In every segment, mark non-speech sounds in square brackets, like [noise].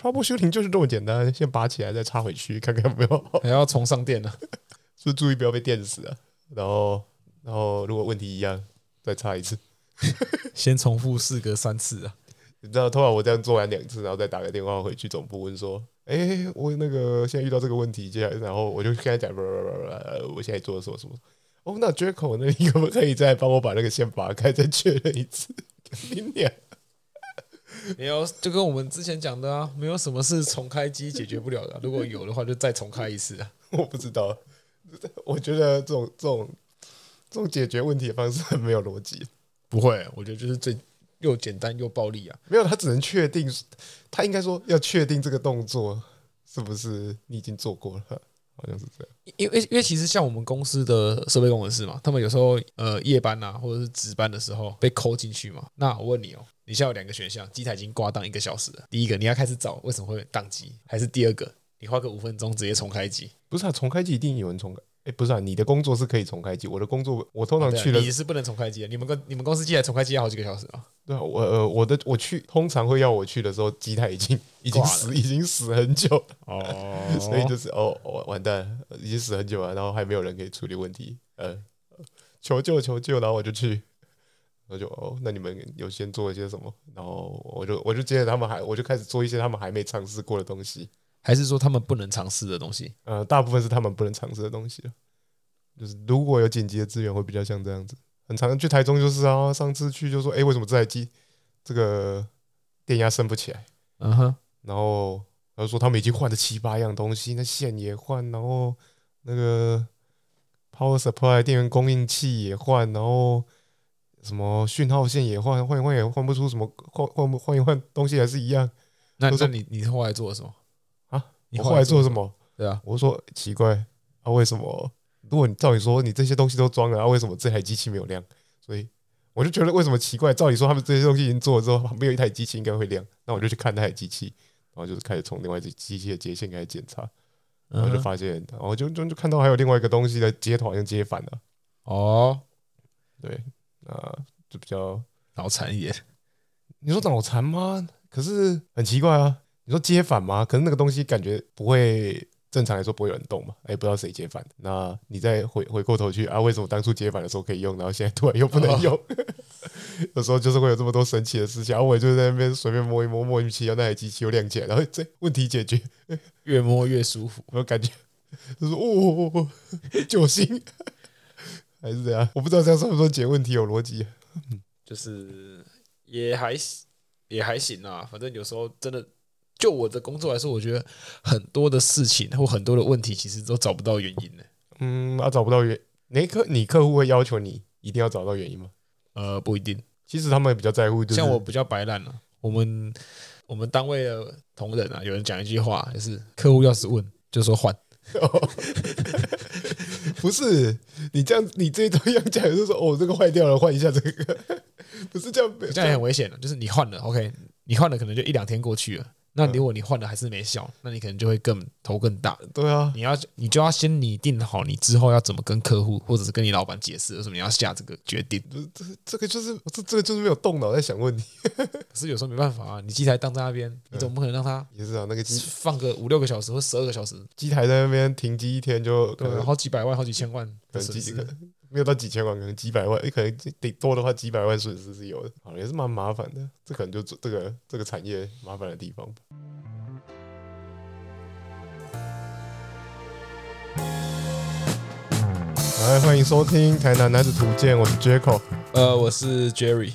Troubleshooting 就是這麼簡單，先拔起來再插回去看看有沒有。還要重上電呢，是注意不要被電死啊？然後，然後如果問題一樣，再插一次。先重複試個三次啊！ [laughs] 你知道，通常我這樣做完兩次，然後再打個電話回去總部問說：“哎、欸，我那個現在遇到這個問題，接下來然後我就跟他講，我現在做了什麼什麼？哦，那 Jack 呢，你可不可以再幫我把那個線拔開，再確認一次？明年。沒有，就跟我們之前講的啊，沒有什麼是重開機解決不了的啊。如果有的話，就再重開一次啊。 [laughs] 我不知道，我覺得這種這種這種解決問題的方式很沒有邏輯。不會，我覺得就是最又簡單又暴力啊。沒有，他只能確定，他應該說要確定這個動作是不是你已經做過了，好像是這樣。因為因為其實像我們公司的設備工程師嘛，他們有時候呃夜班啊或者是值班的時候被 call 進去嘛。那我問你哦。你現在有兩個選項，機台已經掛檔一個小時了。第一個，你要開始找為什麼會當機，還是第二個，你花個五分鐘直接重開機？不是啊，重開機一定有人重開。哎、欸，不是啊，你的工作是可以重開機，我的工作我通常去了啊啊你也是不能重開機的。你們公你們公司機台重開機要好幾個小時啊。對啊，我呃我的我去通常會要我去的時候，機台已經已經死已經死很久哦， [laughs] 所以就是哦完蛋已經死很久了，然後還沒有人可以處理問題，呃，求救求救，然後我就去。那就哦，那你們有先做一些什麼？然後我就我就接着他們還，我就開始做一些他們還沒嘗試過的東西，還是說他們不能嘗試的東西？呃，大部分是他們不能嘗試的東西了。就是如果有緊急的資源，會比較像這樣子。很常去台中就是啊，上次去就說，哎，為什麼這台機這個電壓升不起來？嗯哼，然後然後說他們已經換了七八樣東西，那線也換，然後那個 power supply 電源供應器也換，然後。什麼訊號線也換換換也換不出什麼換換換一換東西還是一樣。那你說那你你後來做了什麼啊？你後來做，什麼，我後來做什麼？對啊，我說、欸、奇怪啊，為什麼？如果你照理說你這些東西都裝了，然、啊、後為什麼這台機器沒有亮？所以我就覺得為什麼奇怪？照理說他們這些東西已經做了之後，沒有一台機器應該會亮。那我就去看那台機器，然後就是開始從另外一台機器的接線開始檢查，然後就發現，uh -huh. 然後就就就看到還有另外一個東西的接頭好像接反了。哦、oh.，對。啊，就比較腦殘一點。你說腦殘嗎？可是很奇怪啊。你說接反嗎？可是那個東西感覺不會正常來說不會有人動嘛。哎，不知道誰接反的。那你再回回過頭去啊，為什麼當初接反的時候可以用，然後現在突然又不能用？哦。 [laughs] 有時候就是會有這麼多神奇的事情。然後我也就在那邊隨便摸一摸，摸運氣，然後那台機器又亮起來，然後這問題解決， [laughs] 越摸越舒服，我就感覺就是哦，哦哦哦，救星。 [laughs] 還是怎樣，我不知道這樣算不算解問題有邏輯。嗯，就是也還也還行啊。反正有時候真的，就我的工作來說，我覺得很多的事情或很多的問題，其實都找不到原因呢、欸。嗯，啊，找不到原，你客你客戶會要求你一定要找到原因嗎？呃，不一定。其實他們也比較在乎，像我比較白爛了、啊。我們我們單位的同仁啊，有人講一句話，就是客戶要是問，就說換。 [laughs] [laughs] 不是你這樣，你這一種要講，就是說，哦，這個壞掉了，換一下這個，不是這樣，這樣很危險的，就是你換了，OK，你換了，可能就一兩天過去了。那如果你換的還是沒效，那你可能就會更頭更大。對啊，你要你就要先擬定好你之後要怎麼跟客戶或者是跟你老闆解釋為什麼你要下這個決定。這這個就是這這個就是沒有動腦在想問題。 [laughs] 可是有時候沒辦法啊，你機台當在那邊，你總不可能讓他？也是啊，那個機放個五六個小時或十二個小時，機台在那邊停機一天就可能可能對，好幾百萬、好幾千萬的損失沒有到幾千萬，可能幾百萬，也、欸、可能得多的話，幾百萬損失是有的，好，也是蠻麻煩的。這可能就這個這個產業麻煩的地方、嗯。來，歡迎收聽《台南男子圖鑑》，我是 Jacko，呃，我是 Jerry。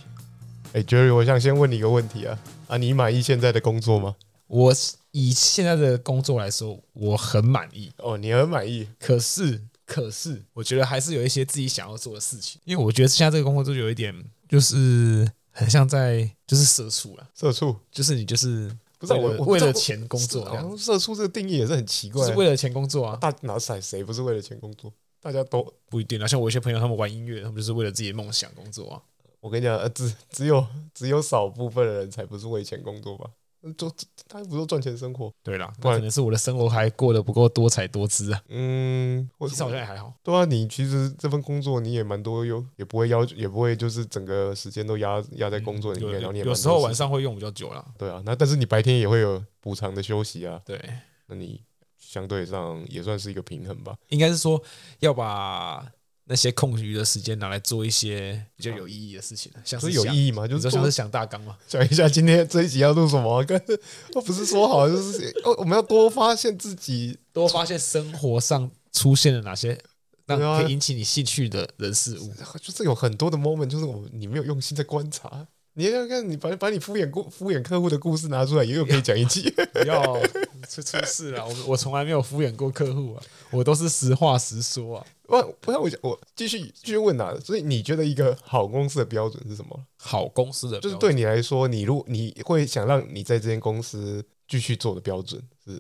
哎、欸、Jerry，我想先問你一個問題啊，啊，你滿意現在的工作嗎？我是以現在的工作來說，我很滿意。哦，你很滿意？可是。可是，我覺得還是有一些自己想要做的事情，因為我覺得現在這個工作就有一點，就是很像在就是社畜了。社畜就是你就是不是我，我為了錢工作這樣，社畜這個定義也是很奇怪、啊，就是為了錢工作啊！啊大腦出誰不是為了錢工作？大家都不一定啊。像我一些朋友，他們玩音樂，他們就是為了自己的夢想工作啊。我跟你講、呃，只只有只有少部分的人才不是為錢工作吧？就他不都賺錢生活？對啦，不可能是我的生活還過得不夠多彩多姿啊。嗯，至少我現在還好。對啊，你其實這份工作你也蠻多喲，也不會要，也不會就是整個時間都壓壓在工作裡面。嗯、你然後你有，有時候晚上會用比較久了。對啊，那但是你白天也會有補償的休息啊。對，那你相對上也算是一個平衡吧。應該是說要把，那些空餘的時間拿來做一些比較有意義的事情，啊、像是，想，就是有意義嗎？就是想大綱嘛，講一下今天這一集要錄什麼。但是我不是說好， [laughs] 就是哦，我們要多發現自己，多發現生活上出現了哪些那可以引起你興趣的人事物。啊、就是有很多的 moment，就是我你沒有用心在觀察。你要看你把把你敷衍過敷衍客戶的故事拿出來，也有可以講一集，要不要出出事了， [laughs] 我我從來沒有敷衍過客戶啊，我都是實話實說啊。不不是。我想我繼續繼續問啊。所以你覺得一個好公司的標準是什麼？好公司的標準就是對你來說，你如果你會想讓你在這間公司繼續做的標準是，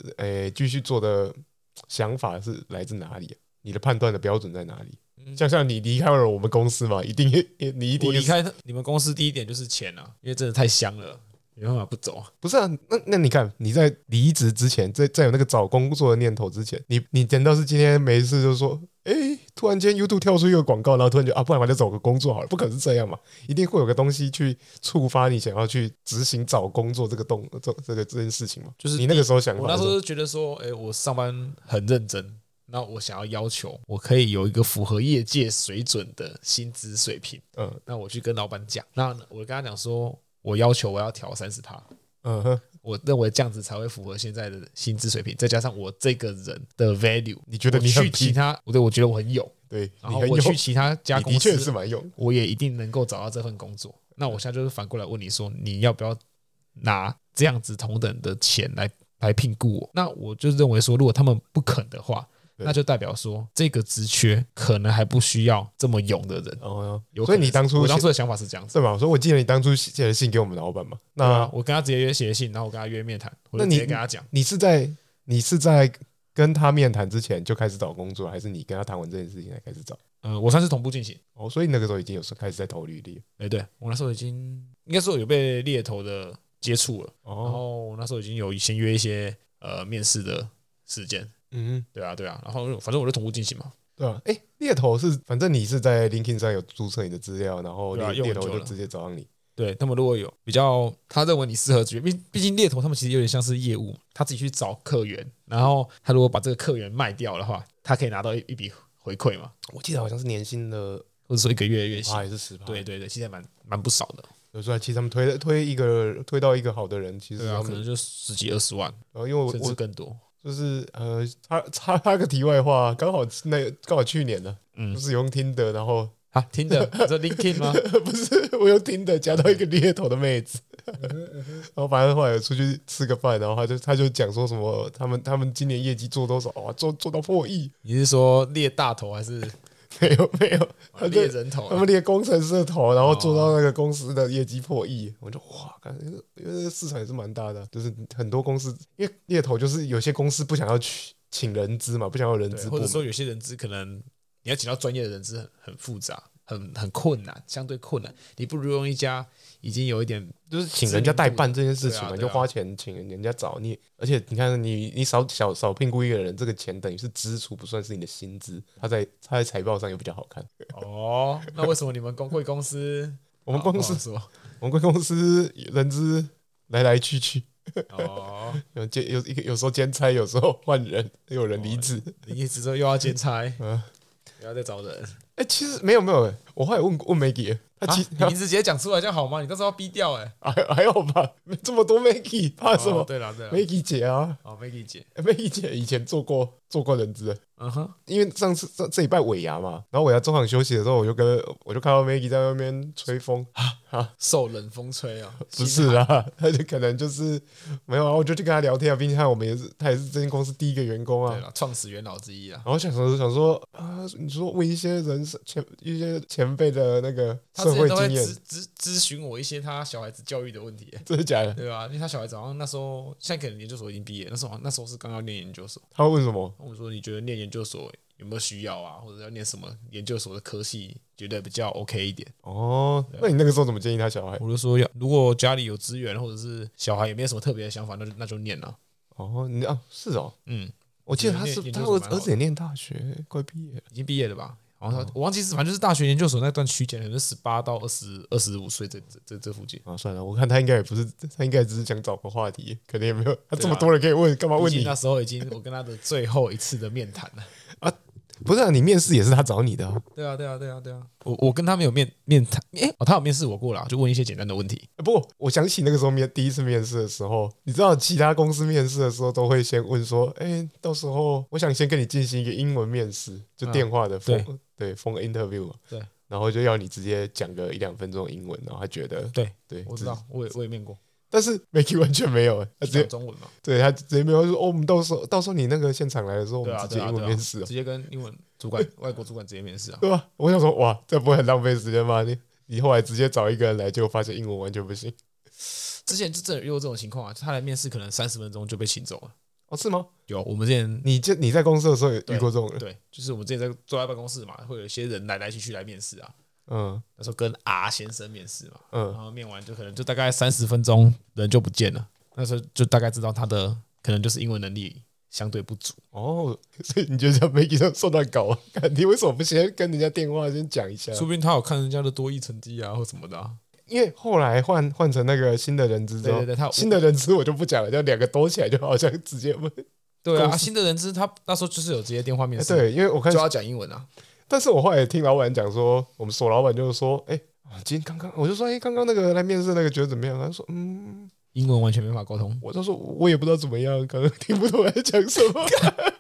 誒，繼續做的想法是來自哪裡、啊？你的判斷的標準在哪裡？嗯、像像你離開了我們公司嘛，一定也，也你一定也離開你們公司第一點就是錢啊，因為真的太香了，沒辦法不走、啊。不是啊，那那你看你在離職之前，在在有那個找工作的念頭之前，你你等到是今天沒事就說。哎，突然間 YouTube 跳出一個廣告，然後突然就啊，不然我就找個工作好了，不可能是這樣嘛，一定會有個東西去觸發你想要去執行找工作這個動這這個這件事情嘛，就是你，你那個時候想，我那時候覺得說，哎，我上班很認真，那我想要要求，我可以有一個符合業界水準的薪資水平，嗯，那我去跟老闆講，那我跟他講說，我要求我要調三十趴，嗯哼。我認為這樣子才會符合現在的薪資水平，再加上我這個人的 value，你覺得你去其他，對我覺得我很有，對，然後我去其他家公司的確是蠻有，我也一定能夠找到這份工作。那我現在就是反過來問你說，你要不要拿這樣子同等的錢來來聘僱我？那我就認為說，如果他們不肯的話。那就代表說，這個職缺可能還不需要這麼勇的人。哦、啊，所以你當初我當初的想法是這樣子的對吧？我說我記得你當初寫的信給我們老闆嘛。那、嗯、我跟他直接約寫信，然後我跟他約面談，那你也跟他講。你是在你是在跟他面談之前就開始找工作，還是你跟他談完這件事情才開始找？嗯，我算是同步進行哦。所以那個時候已經有時候開始在投履歷。哎、欸，對我那時候已經應該說有被獵頭的接觸了。哦，哦，然後我那時候已經有先約一些呃面試的時間。嗯，對啊，對啊，然後反正我就同步進行嘛，對啊，哎，獵頭是，反正你是在 LinkedIn 上有註冊你的資料，然後獵、啊、獵頭我就直接找你。對，他們如果有比較，他認為你適合職業，畢竟畢竟獵頭他們其實有點像是業務，他自己去找客源，然後他如果把這個客源賣掉的話，他可以拿到一，一筆回饋嘛。我記得好像是年薪的，或者說一個月月薪還是十萬。對對對，現在蠻蠻不少的。有時候其實他們推推一個推到一個好的人，其實對、啊、可能就十幾二十萬，然、呃、後因為我甚至更多。就是呃，插插插個題外話，剛好那剛好去年的，嗯，就是用 Tinder，然後啊，Tinder 這 LinkedIn 嗎？ [laughs] 不是，我用 Tinder 夾到一個獵頭的妹子，嗯、 [laughs] 然後反正後來我出去吃個飯，然後他就他就講說什麼，他們他們今年業績做多少，啊，做做到破億，你是說獵大頭還是？沒有沒有，獵人頭，啊，他們獵工程師的頭，然後做到那個公司的業績破億。哦，我就哇，感覺因為市場也是蠻大的，就是很多公司，因為獵頭就是有些公司不想要去請人資嘛，不想要人資，或者說有些人資可能你要請到專業的人資很，很複雜。很很困難，相對困難。你不如用一家已經有一點，就是請人家代辦這件事情嘛，對啊對啊，就花錢請人家找你。而且你看你，你你少少少聘僱一個人，這個錢等於是支出，不算是你的薪資，他在他在財報上也比較好看。哦，那為什麼你們公會公司、 [laughs] 啊，我們公司什麼？我們公司人資來來去去。哦， [laughs] 有監，有一個，有時候兼差，有時候換人，又有人離職，離職之後又要兼差，嗯，不要再招人。哎、欸，其實沒有沒有、欸，我後來問過問 Maggie，其他其實、啊、名字直接講出來這樣好嗎？你到時候要逼掉哎、欸，還有吧？這麼多 Maggie 怕什麼？哦哦對啦對啦，Maggie 姐啊，哦 Maggie 姐、欸、Maggie 姐以前做過做過人資。嗯哼，因為上次上這這禮拜尾牙嘛，然後尾牙中場休息的時候，我就跟我就看到 Maggie 在外面吹風，啊受冷風吹啊、哦哦，不是啊，他就可能就是沒有啊，我就去跟他聊天啊，畢竟他我們也是他也是這間公司第一個員工啊，創始元老之一啊，然後想說，候想說啊，你說問一些人。前一些前輩的那個社會經驗，諮諮諮詢我一些他小孩子教育的問題，真的假的，對吧？因為他小孩子好像那時候，現在可能研究所已經畢業，那時候那時候是剛剛念研究所。他會問什麼？我說你覺得念研究所有沒有需要啊？或者要念什麼研究所的科系，覺得比較 OK 一點。哦，那你那個時候怎麼建議他小孩？我就說要，如果家裡有資源，或者是小孩也沒有什麼特別的想法，那就那就念了。哦，你啊，是哦，嗯，我記得他是，他兒子也念大學，快畢業了，已經畢業了吧？哦、我忘記是，反正就是大學研究所那段區間，可能是十八到二十二十五歲這這這附近啊、哦，算了，我看他應該也不是，他應該只是想找個話題，肯定也沒有他這麼多人可以問，幹、啊、嘛問你？那時候已經我跟他的最後一次的面談了。 [laughs] 不是、啊、你面試也是他找你的，啊？對啊，對啊，對啊，對啊。我我跟他沒有面面談，誒、欸，哦，他有面試我過了，啊，就問一些簡單的問題。欸、不，我想起那個時候面第一次面試的時候，你知道其他公司面試的時候都會先問說，哎、欸，到時候我想先跟你進行一個英文面試，就電話的 phone，啊，對，對 phone interview，對，然後就要你直接講個一兩分鐘英文，然後他覺得，對，對，我知道，我也我也面過。但是美琪完全沒有欸，他只有中文嘛？對，他直接沒有說，哦，我們到時候到時候你那個現場來的時候，啊、我們直接英文面試，喔啊啊啊，直接跟英文主管、欸、外國主管直接面試啊，對吧？我想說，哇，這不會很浪費時間嗎？你你後來直接找一個人來，就發現英文完全不行。之前就真的遇過這種情況啊，他來面試可能三十分鐘就被請走了。哦，是嗎？有，我們之前你就你在公司的時候也遇過這種人，對，對就是我們之前在坐在辦公室嘛，會有一些人來來去去來面試啊。嗯，那時候跟 R 先生面試嘛，嗯，然後面完就可能就大概三十分鐘人就不見了。那時候就大概知道他的可能就是英文能力相對不足哦，所以你就叫 Maggie 沒給他受到搞。你為什麼不先跟人家電話先講一下？說不定他有看人家的多益成績啊，或什麼的、啊。因為後來換換成那個新的人資之後，對對對他新的人資我就不講了，就兩個兜起來，就好像直接問。對啊，新的人資他那時候就是有直接電話面試，欸、對，因為我看就要講英文啊。但是我後來也聽老闆講說，我們所老闆就是說，哎、欸，今天剛剛我就說，誒、欸，剛剛那個來面試那個覺得怎麼樣？他說，嗯，英文完全沒法溝通。我就說，我也不知道怎麼樣，可能聽不懂他在講什麼。 [laughs]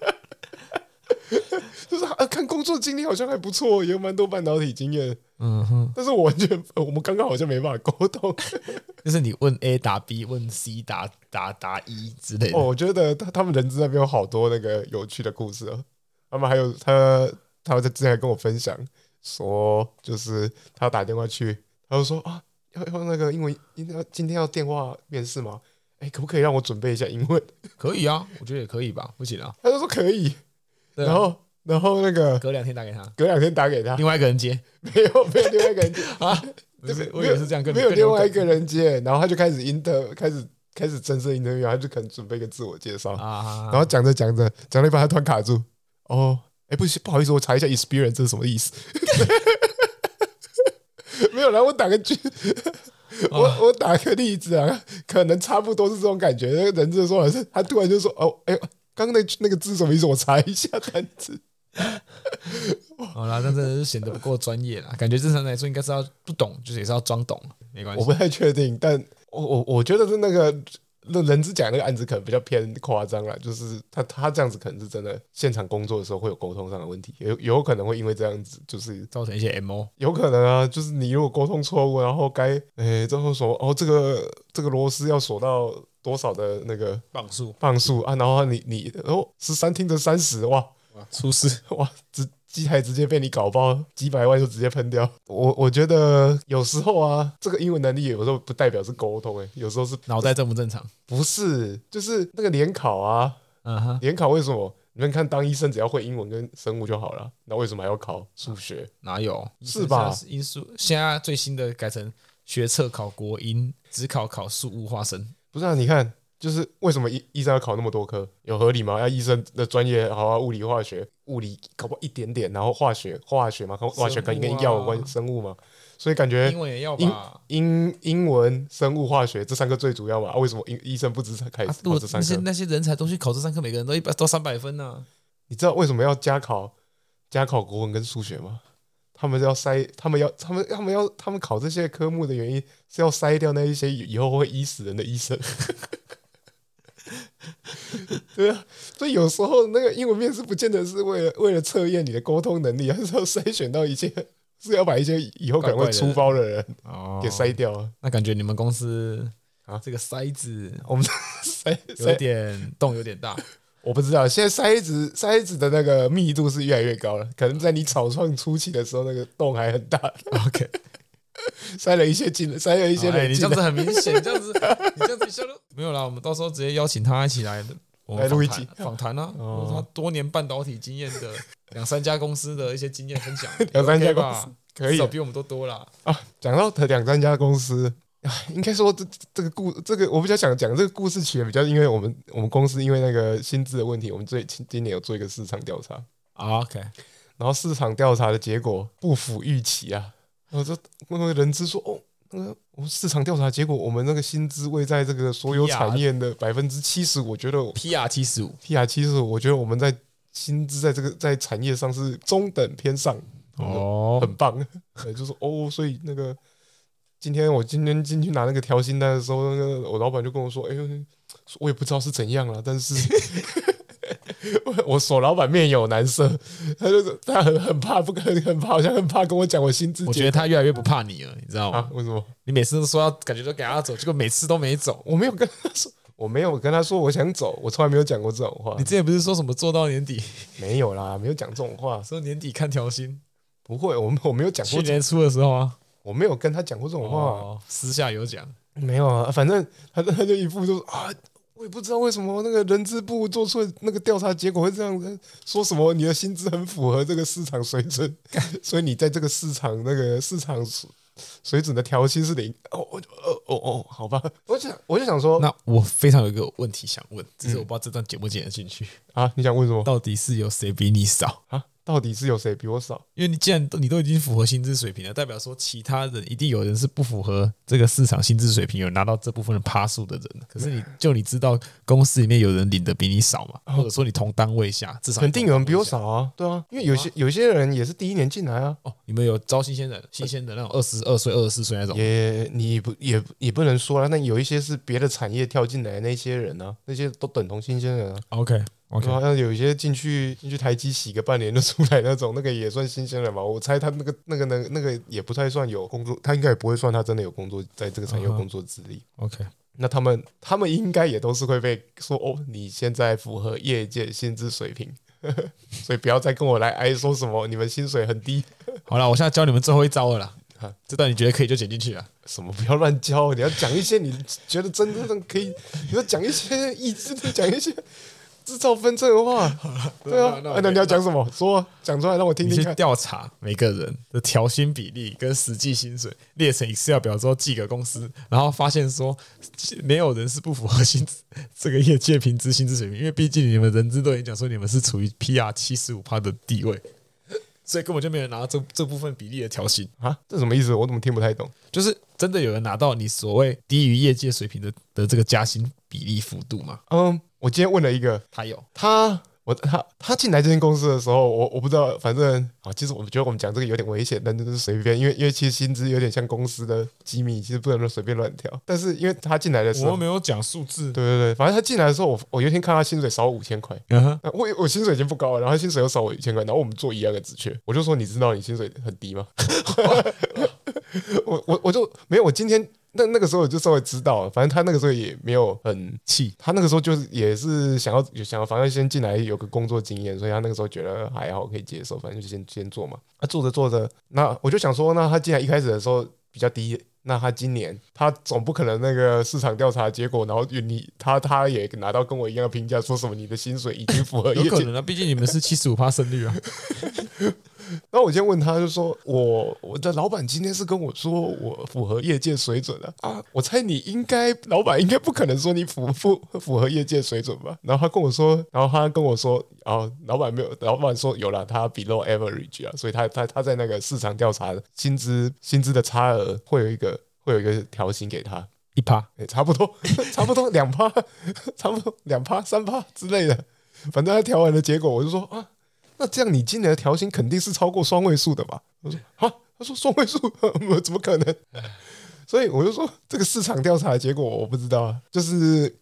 [laughs] 就是啊，看工作經歷好像還不錯，也有蠻多半導體經驗。嗯哼，但是我完全，我們剛剛好像沒辦法溝通， [laughs] 就是你問 A 答 B，問 C 答答答 E 之類的。哦，我覺得他他們人資那邊有好多那個有趣的故事、哦，他們還有他。他會在之前還跟我分享說，就是他打電話去，他就說啊，要要那個，因為今今天要電話面試嘛，哎，可不可以讓我準備一下英文？可以啊，我覺得也可以吧，不行啊。他就說可以，啊、然後然後那個隔兩天打給他，隔兩天打給他，另外一個人接，沒有沒有另外一個人接啊？不是我以為是這樣，沒有另外一個人接， [laughs] 啊、人接然後他就開始 inter，開始開始正式 interview 他就可能準備一個自我介紹，啊啊啊啊然後講着講着，講了一半他突然卡住，哦。誒、欸，不行，不好意思，我查一下 experience 這是什麼意思？ [laughs] [laughs] 沒有啦，我打個句，我，哦、我打個例子啊，可能差不多是這種感覺。那個人就說，是，他突然就說，哦，誒、哎，剛剛那那個字什麼意思？我查一下單字。 [laughs] 好啦，那真的是顯得不夠專業啦，感覺正常來說應該是要不懂，就是也是要裝懂，沒關係。我不太確定，但我我我覺得是那個。那人之講那個案子可能比較偏誇張了，就是他他這樣子可能是真的。現場工作的時候會有溝通上的問題，有有可能會因為這樣子，就是造成一些 M O。有可能啊，就是你如果溝通錯誤，然後該誒、欸、最後說哦，這個這個螺絲要鎖到多少的那個磅數磅數啊，然後你你哦十三聽成三十，哇哇，出事，哇這。機台直接被你搞爆，幾百萬就直接噴掉。我我覺得有時候啊，這個英文能力也有時候不代表是溝通、欸，有時候是腦袋正不正常？不是，就是那個聯考啊，嗯哼，聯考為什麼？你們看，當醫生只要會英文跟生物就好了，那為什麼還要考數學、啊？哪有？是，是吧？因素。現在最新的改成學測考國英，只考考數物化生。不是啊，你看，就是為什麼醫醫生要考那麼多科？有合理嗎？要醫生的專業，好啊，物理化學。物理搞不一點點，然後化學化學嘛，化學跟跟藥有關生物，啊，生物嘛，所以感覺英，英文也要吧，英英文生物化學這三個最主要吧？啊、為什麼醫醫生不只才開始這三個，啊？那些那些人才都去考這三科，每個人都一百都三百分呢，啊？你知道為什麼要加考加考國文跟數學嗎？他們是要篩，他們要他們他們要他們考這些科目的原因是要篩掉那一些以後會醫死人的醫生。 [laughs] [laughs] 對啊，所以有時候那個英文面試不見得是為了為了測驗你的溝通能力，還是要篩選到一些是要把一些以後可能會出包的人給篩掉。怪怪的。哦。那感覺你們公司啊，這個篩子，我們篩子有點洞有點大， [laughs] 我不知道。現在篩子篩子的那個密度是越來越高了，可能在你草創初期的時候，那個洞還很大。OK。塞了一些金，塞了一些人，哎。你這樣子很明顯，這樣子你這樣子一下都沒有啦。我們到時候直接邀請他一起來，來錄一集訪談啊。哦、他多年半導體經驗的兩、哦、三家公司的一些經驗分享，兩 [laughs] 三家公司、OK、吧，可以、啊可以啊、比我們都多啦。啊。講到的兩三家公司、啊、應該說，這這個故這個我比較想講這個故事起源比較，因為我們我們公司因為那個薪資的問題，我們最近今年有做一個市場調查。哦、OK，然後市場調查的結果不符預期啊。我說那個人資說，哦，那個我們市場調查結果，我們那個薪資位在這個所有產業的百分之七十，我覺得 PR 七十五，PR 七十五，我覺得我們在薪資在這個在產業上是中等偏上，哦、oh.，很棒， [laughs] 就是哦，所以那個今天我今天進去拿那個調薪單的時候，那個我老闆就跟我說，哎、欸、呦，我也不知道是怎樣了，但是。 [laughs] 我我所老闆面有難色，他就他很很怕，不很很怕，好像很怕跟我講我薪資。我覺得他越來越不怕你了，你知道嗎、啊？為什麼？你每次都說要感覺都給他走，結果每次都沒走。我沒有跟他說，我沒有跟他說我想走，我從來沒有講過這種話。你之前不是說什麼做到年底？沒有啦，沒有講這種話， [laughs] 說年底看調薪。不會，我們我沒有講。去年初的時候啊，我沒有跟他講過這種話，哦、私下有講。沒有啊，反正反正他，他就一副就是啊。也不知道為什麼那個人資部做出那個調查結果會這樣子，說什麼你的薪資很符合這個市場水準，所以你在這個市場那個市場水準的調薪是零。哦，我哦哦,哦，哦哦好吧，我就我就想說，那我非常有一個問題想問，就是我不知道這段剪不剪得進去、嗯、啊？你想問什麼？到底是有誰比你少啊？到底是有誰比我少？因為你既然都你都已經符合薪資水平了，代表說其他人一定有人是不符合這個市場薪資水平，有拿到這部分的趴數的人。可是你就你知道公司裡面有人領的比你少嘛？哦、或者說你同單位下至少肯定有人比我少啊？對啊，因為有些有些人也是第一年進來啊。哦，你們有招新鮮人，新鮮的那種二十二歲、二十四歲那種。也你不也也不能說啊。那有一些是別的產業跳進來的那些人呢、啊，那些都等同新鮮人啊。OK。我說，像有一些進去進去台積洗個半年就出來那種，那個也算新鮮了吧？我猜他那個那個那那個也不太算有工作，他應該也不會算他真的有工作，在這個產業有工作資歷。Uh-huh. OK，那他們他們應該也都是會被說哦，你現在符合業界薪資水平， [laughs] 所以不要再跟我來哎說什麼 [laughs] 你們薪水很低。 [laughs] 好了，我現在教你們最後一招了啦，這段你覺得可以就剪進去啊。什麼不要亂教，你要講一些你覺得真正可以， [laughs] 你說講一些勵志的，講一些。一直製造紛爭的話對、啊，對啊。那，那你要講什麼？說講出來，讓我聽聽。你去調查每個人的調薪比例跟實際薪水，列成 Excel 表之後，寄給公司，然後發現說沒有人是不符合薪資這個業界平均薪資水平。因為畢竟你們人資都已經講說，你們是處於 P R 七十五趴的地位，所以根本就沒有拿到這這部分比例的調薪啊！這什麼意思？我怎麼聽不太懂？就是真的有人拿到你所謂低於業界水平的的這個加薪比例幅度嗎？嗯、um,。我今天問了一個，他有他，我他他進來這間公司的時候，我我不知道，反正啊，其實我覺得我們講這個有點危險，但就是隨便，因為因為其實薪資有點像公司的機密，其實不能說隨便亂調。但是因為他進來的時候，我又沒有講數字，對對對，反正他進來的時候，我我有一天看他薪水少五千塊，uh -huh. 啊，我我薪水已經不高了，然後薪水又少我五千塊，然後我們做一樣的職缺，我就說你知道你薪水很低嗎？ [laughs] [laughs] [laughs] 我我我就沒有，我今天。那那個時候我就稍微知道了，反正他那個時候也沒有很氣，他那個時候就是也是想要想要反正先進來有個工作經驗，所以他那個時候覺得還好可以接受，反正就先先做嘛。他做着做着，那我就想說，那他進來一開始的時候。比較低，那他今年他總不可能那個市場調查結果，然後你他他也拿到跟我一樣的評價，說什麼你的薪水已經符合業界。有可能啊，畢竟你們是七十五%勝率啊。那 [laughs] 我先問他就說，我我的老闆今天是跟我說我符合業界水準了啊，啊。我猜你應該老闆應該不可能說你符符符合業界水準吧？然後他跟我說，然後他跟我說，哦，老闆沒有，老闆說有了，他 below average 啊，所以他他他在那個市場調查的薪資薪資的差額。呃，會有一個，會有一個調薪給他一趴，欸，差不多，差不多兩趴， [laughs] 差不多兩趴三趴之類的，反正他調完的結果，我就說啊，那這樣你今年的調薪肯定是超過雙位數的吧？我說好，啊，他說雙位數，我怎麼可能？所以我就說這個市場調查結果我不知道啊，就是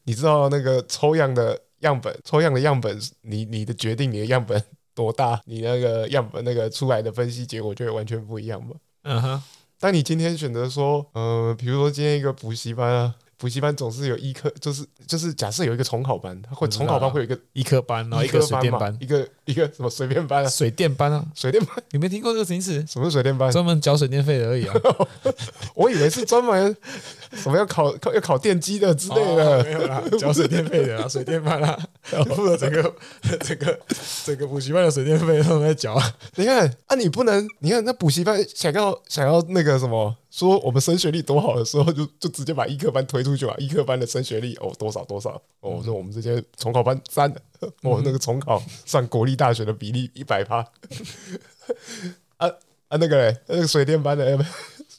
你知道那個抽樣的樣本，抽樣的樣本，你你的決定你的樣本多大，你那個樣本那個出來的分析結果就會完全不一樣嘛？嗯哼。但你今天選擇說，呃，比如說今天一個補習班啊。補習班總是有一科，就是就是假設有一個重考班，或重考班會有一個、啊、一科班，然後一個水電班，一個一個什麼水電班啊，水電班啊，水電班，你沒聽過這個名詞？什麼是水電班？專門繳水電費的而已啊！ [laughs] 我以為是專門什麼要考 [laughs] 要考電機的之類的，哦、沒有啦，繳水電費的啊，水電班啊，負 [laughs] 責整個整個整個補習班的水電費都在繳，你看啊，你，啊你不能你看那補習班想要想要那個什麼？說我們升學率多好的時候就，就就直接把一科班推出去了、啊、一科班的升學率哦多少多少，我、哦、說我們這些重考班占，我、哦嗯、那個重考上國立大學的比例一百趴，啊啊那個嘞，那個水電班的，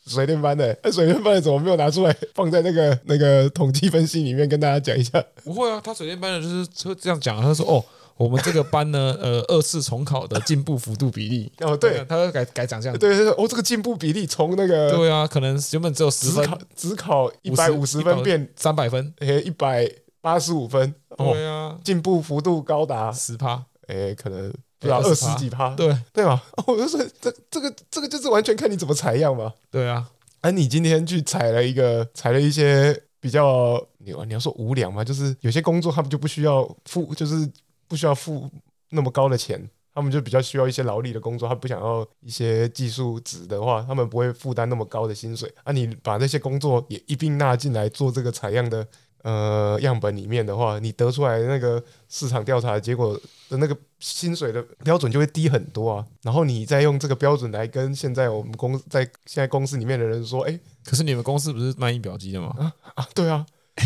水電班的，水電班的，水電班的怎麼沒有拿出來放在那個那個統計分析裡面跟大家講一下？不會啊，他水電班的就是會這樣講，他說哦。 [laughs] 我們這個班呢，呃，二次重考的進步幅度比例哦，對，對他改改講這樣，對對，哦這個進步比例從那個對啊，可能原本只有十考只考一百五十分變三百、哦、分，誒、欸，一百八十五分、哦，對啊，進步幅度高達十趴，誒、欸，可能二十幾趴、欸，對對吧？我就說這這個這個就是完全看你怎麼採樣嘛，對啊，而、啊、你今天去採了一個採了一些比較，你要說無聊嘛，就是有些工作他們就不需要付，就是。不需要付那麼高的錢，他們就比較需要一些勞力的工作。他不想要一些技術職的話，他們不會負擔那麼高的薪水那、啊、你把那些工作也一併納進來做這個採樣的呃樣本裡面的話，你得出來的那個市場調查結果的那個薪水的標準就會低很多啊。然後你再用這個標準來跟現在我們公在現在公司裡面的人說，誒、欸，可是你們公司不是賣印表機的嗎啊？啊，對啊。 [laughs]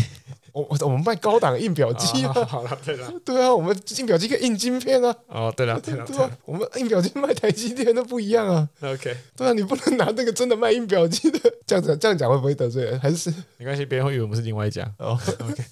我我我們賣高檔印表機好了，對啊，我們印表機可以印晶片啊，哦，對了，對啊，我們印表機賣台積電都不一樣啊，OK，對啊，你不能拿那個真的賣印表機的這樣子這樣講會不會得罪人？還是沒關係，別人會以為我們是另外一家，哦。OK，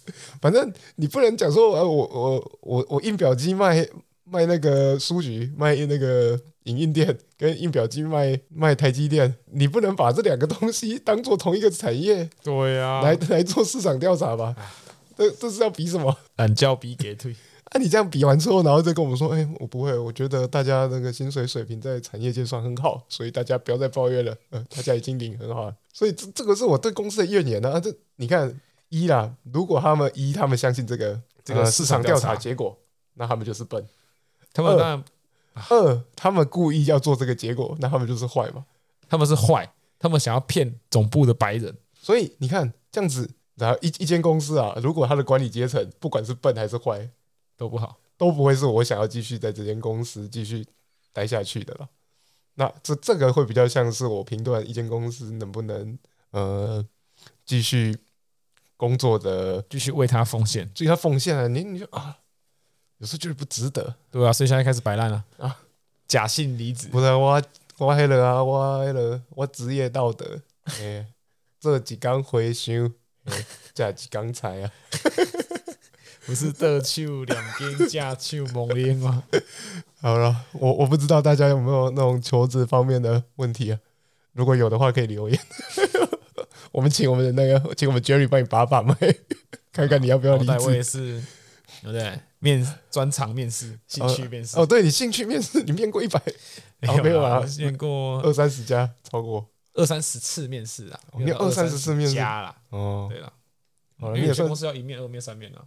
反正你不能講說我我我我印表機賣。賣那個書局，賣那個影印店，跟印表機賣賣台積電，你不能把這兩個東西當做同一個產業。對呀、啊，來來做市場調查吧， [laughs] 這這是要比什麼？懶叫比給退？ [laughs] 啊，你這樣比完之後，然後再跟我們說，哎、欸，我不會，我覺得大家那個薪水水平在產業界算很好，所以大家不要再抱怨了，嗯、呃，大家已經領很好了， [laughs] 所以這這個是我對公司的怨言呢、啊啊。這你看一啦，如果他們一他們相信這個、嗯、這個市場調查、嗯、查結果，那他們就是笨。他們當然二,二，他們故意要做這個結果，那他們就是壞嘛？他們是壞，他們想要騙總部的白人。所以你看，這樣子，然後一一間公司啊，如果他的管理階層不管是笨還是壞，都不好，都不會是我想要繼續在這間公司繼續待下去的了。那這這個會比較像是我評斷一間公司能不能呃繼續工作的，繼續為他奉獻，所以他奉獻了、啊，你你就啊。有時候就是不值得，對啊，所以現在開始擺爛了啊，啊！假性離職，不是我，我黑了啊，我黑了，我職業道德，這幾缸回收，這幾缸菜啊，不是得手兩邊，假手蒙臉嗎？ [laughs] 好了，我我不知道大家有沒有那種求職方面的問題啊？如果有的話，可以留言。 [laughs] 我們請我們的那個，請我們 Jerry 幫你把把脈，看看你要不要離職，嗯、我也是， [laughs] 對。面專長面試、興趣面試、哦哦，哦，對你興趣面試，你面過一百，沒有啊？面過二三十家，超過二三十次面試啊？你二三十次面試了，哦，對了，面試公司要一面、二面、三面的。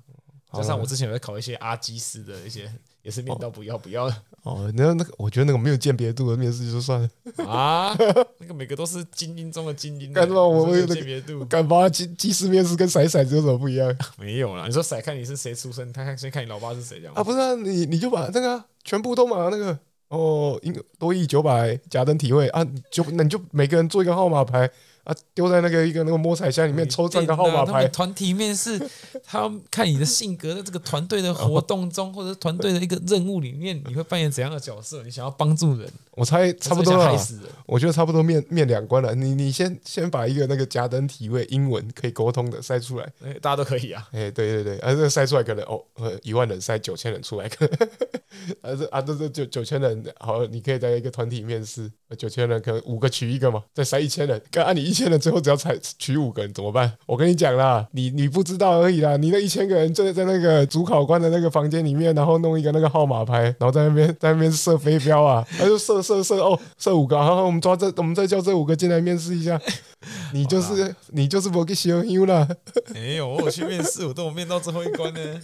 加上我之前有考一些阿基師的一些，也是面到不要不要的哦。那那個，我覺得那個沒有鑑別度的面試就算了啊。 [laughs] 那個每個都是精英中的精英，欸，的那個、但是吧，我沒有鑑別度？幹嘛基基師面試跟骰骰子有什麼不一樣？啊，沒有啦，你說骰看你是誰出身，他看先看你老爸是誰這樣啊？不是啊，你你就把那個、啊、全部都嘛，那個哦，多益九百假燈體會。啊，就那你就每個人做一個號碼牌。啊，丟在那個一個那個摸彩箱裡面抽這個號碼牌。對那個、團體面試，他要看你的性格，在 [laughs] 這個團隊的活動中或者團隊的一個任務裡面，你會扮演怎樣的角色？ [laughs] 你想要幫助人。我猜差不多了、啊，我覺得差不多面面兩關了你。你你先先把一個那個甲等體位英文可以溝通的篩出來，大家都可以啊。哎，對對對、啊，而、啊、這個篩出來可能哦，一、呃、萬人篩九千人出來，哈哈、啊。而是啊，這這九九千人，好，你可以在一個團體面試，九千人可能五個取一個嘛，再篩一千人，可按、啊、你一千人最後只要採取五個人怎麼辦？我跟你講啦，你你不知道而已啦。你那一千個人就在在那個主考官的那個房間裡面，然後弄一個那個號碼牌，然後在那邊在那邊射飛鏢啊，他、 [laughs] 啊、就射。設設哦，設五個，然後我們抓這，我們再叫這五個進來面試一下。 [laughs] 你就是啦，你就是 lucky 小 U 了。 [laughs] 沒有，我有去面試，我都我面到最後一關呢。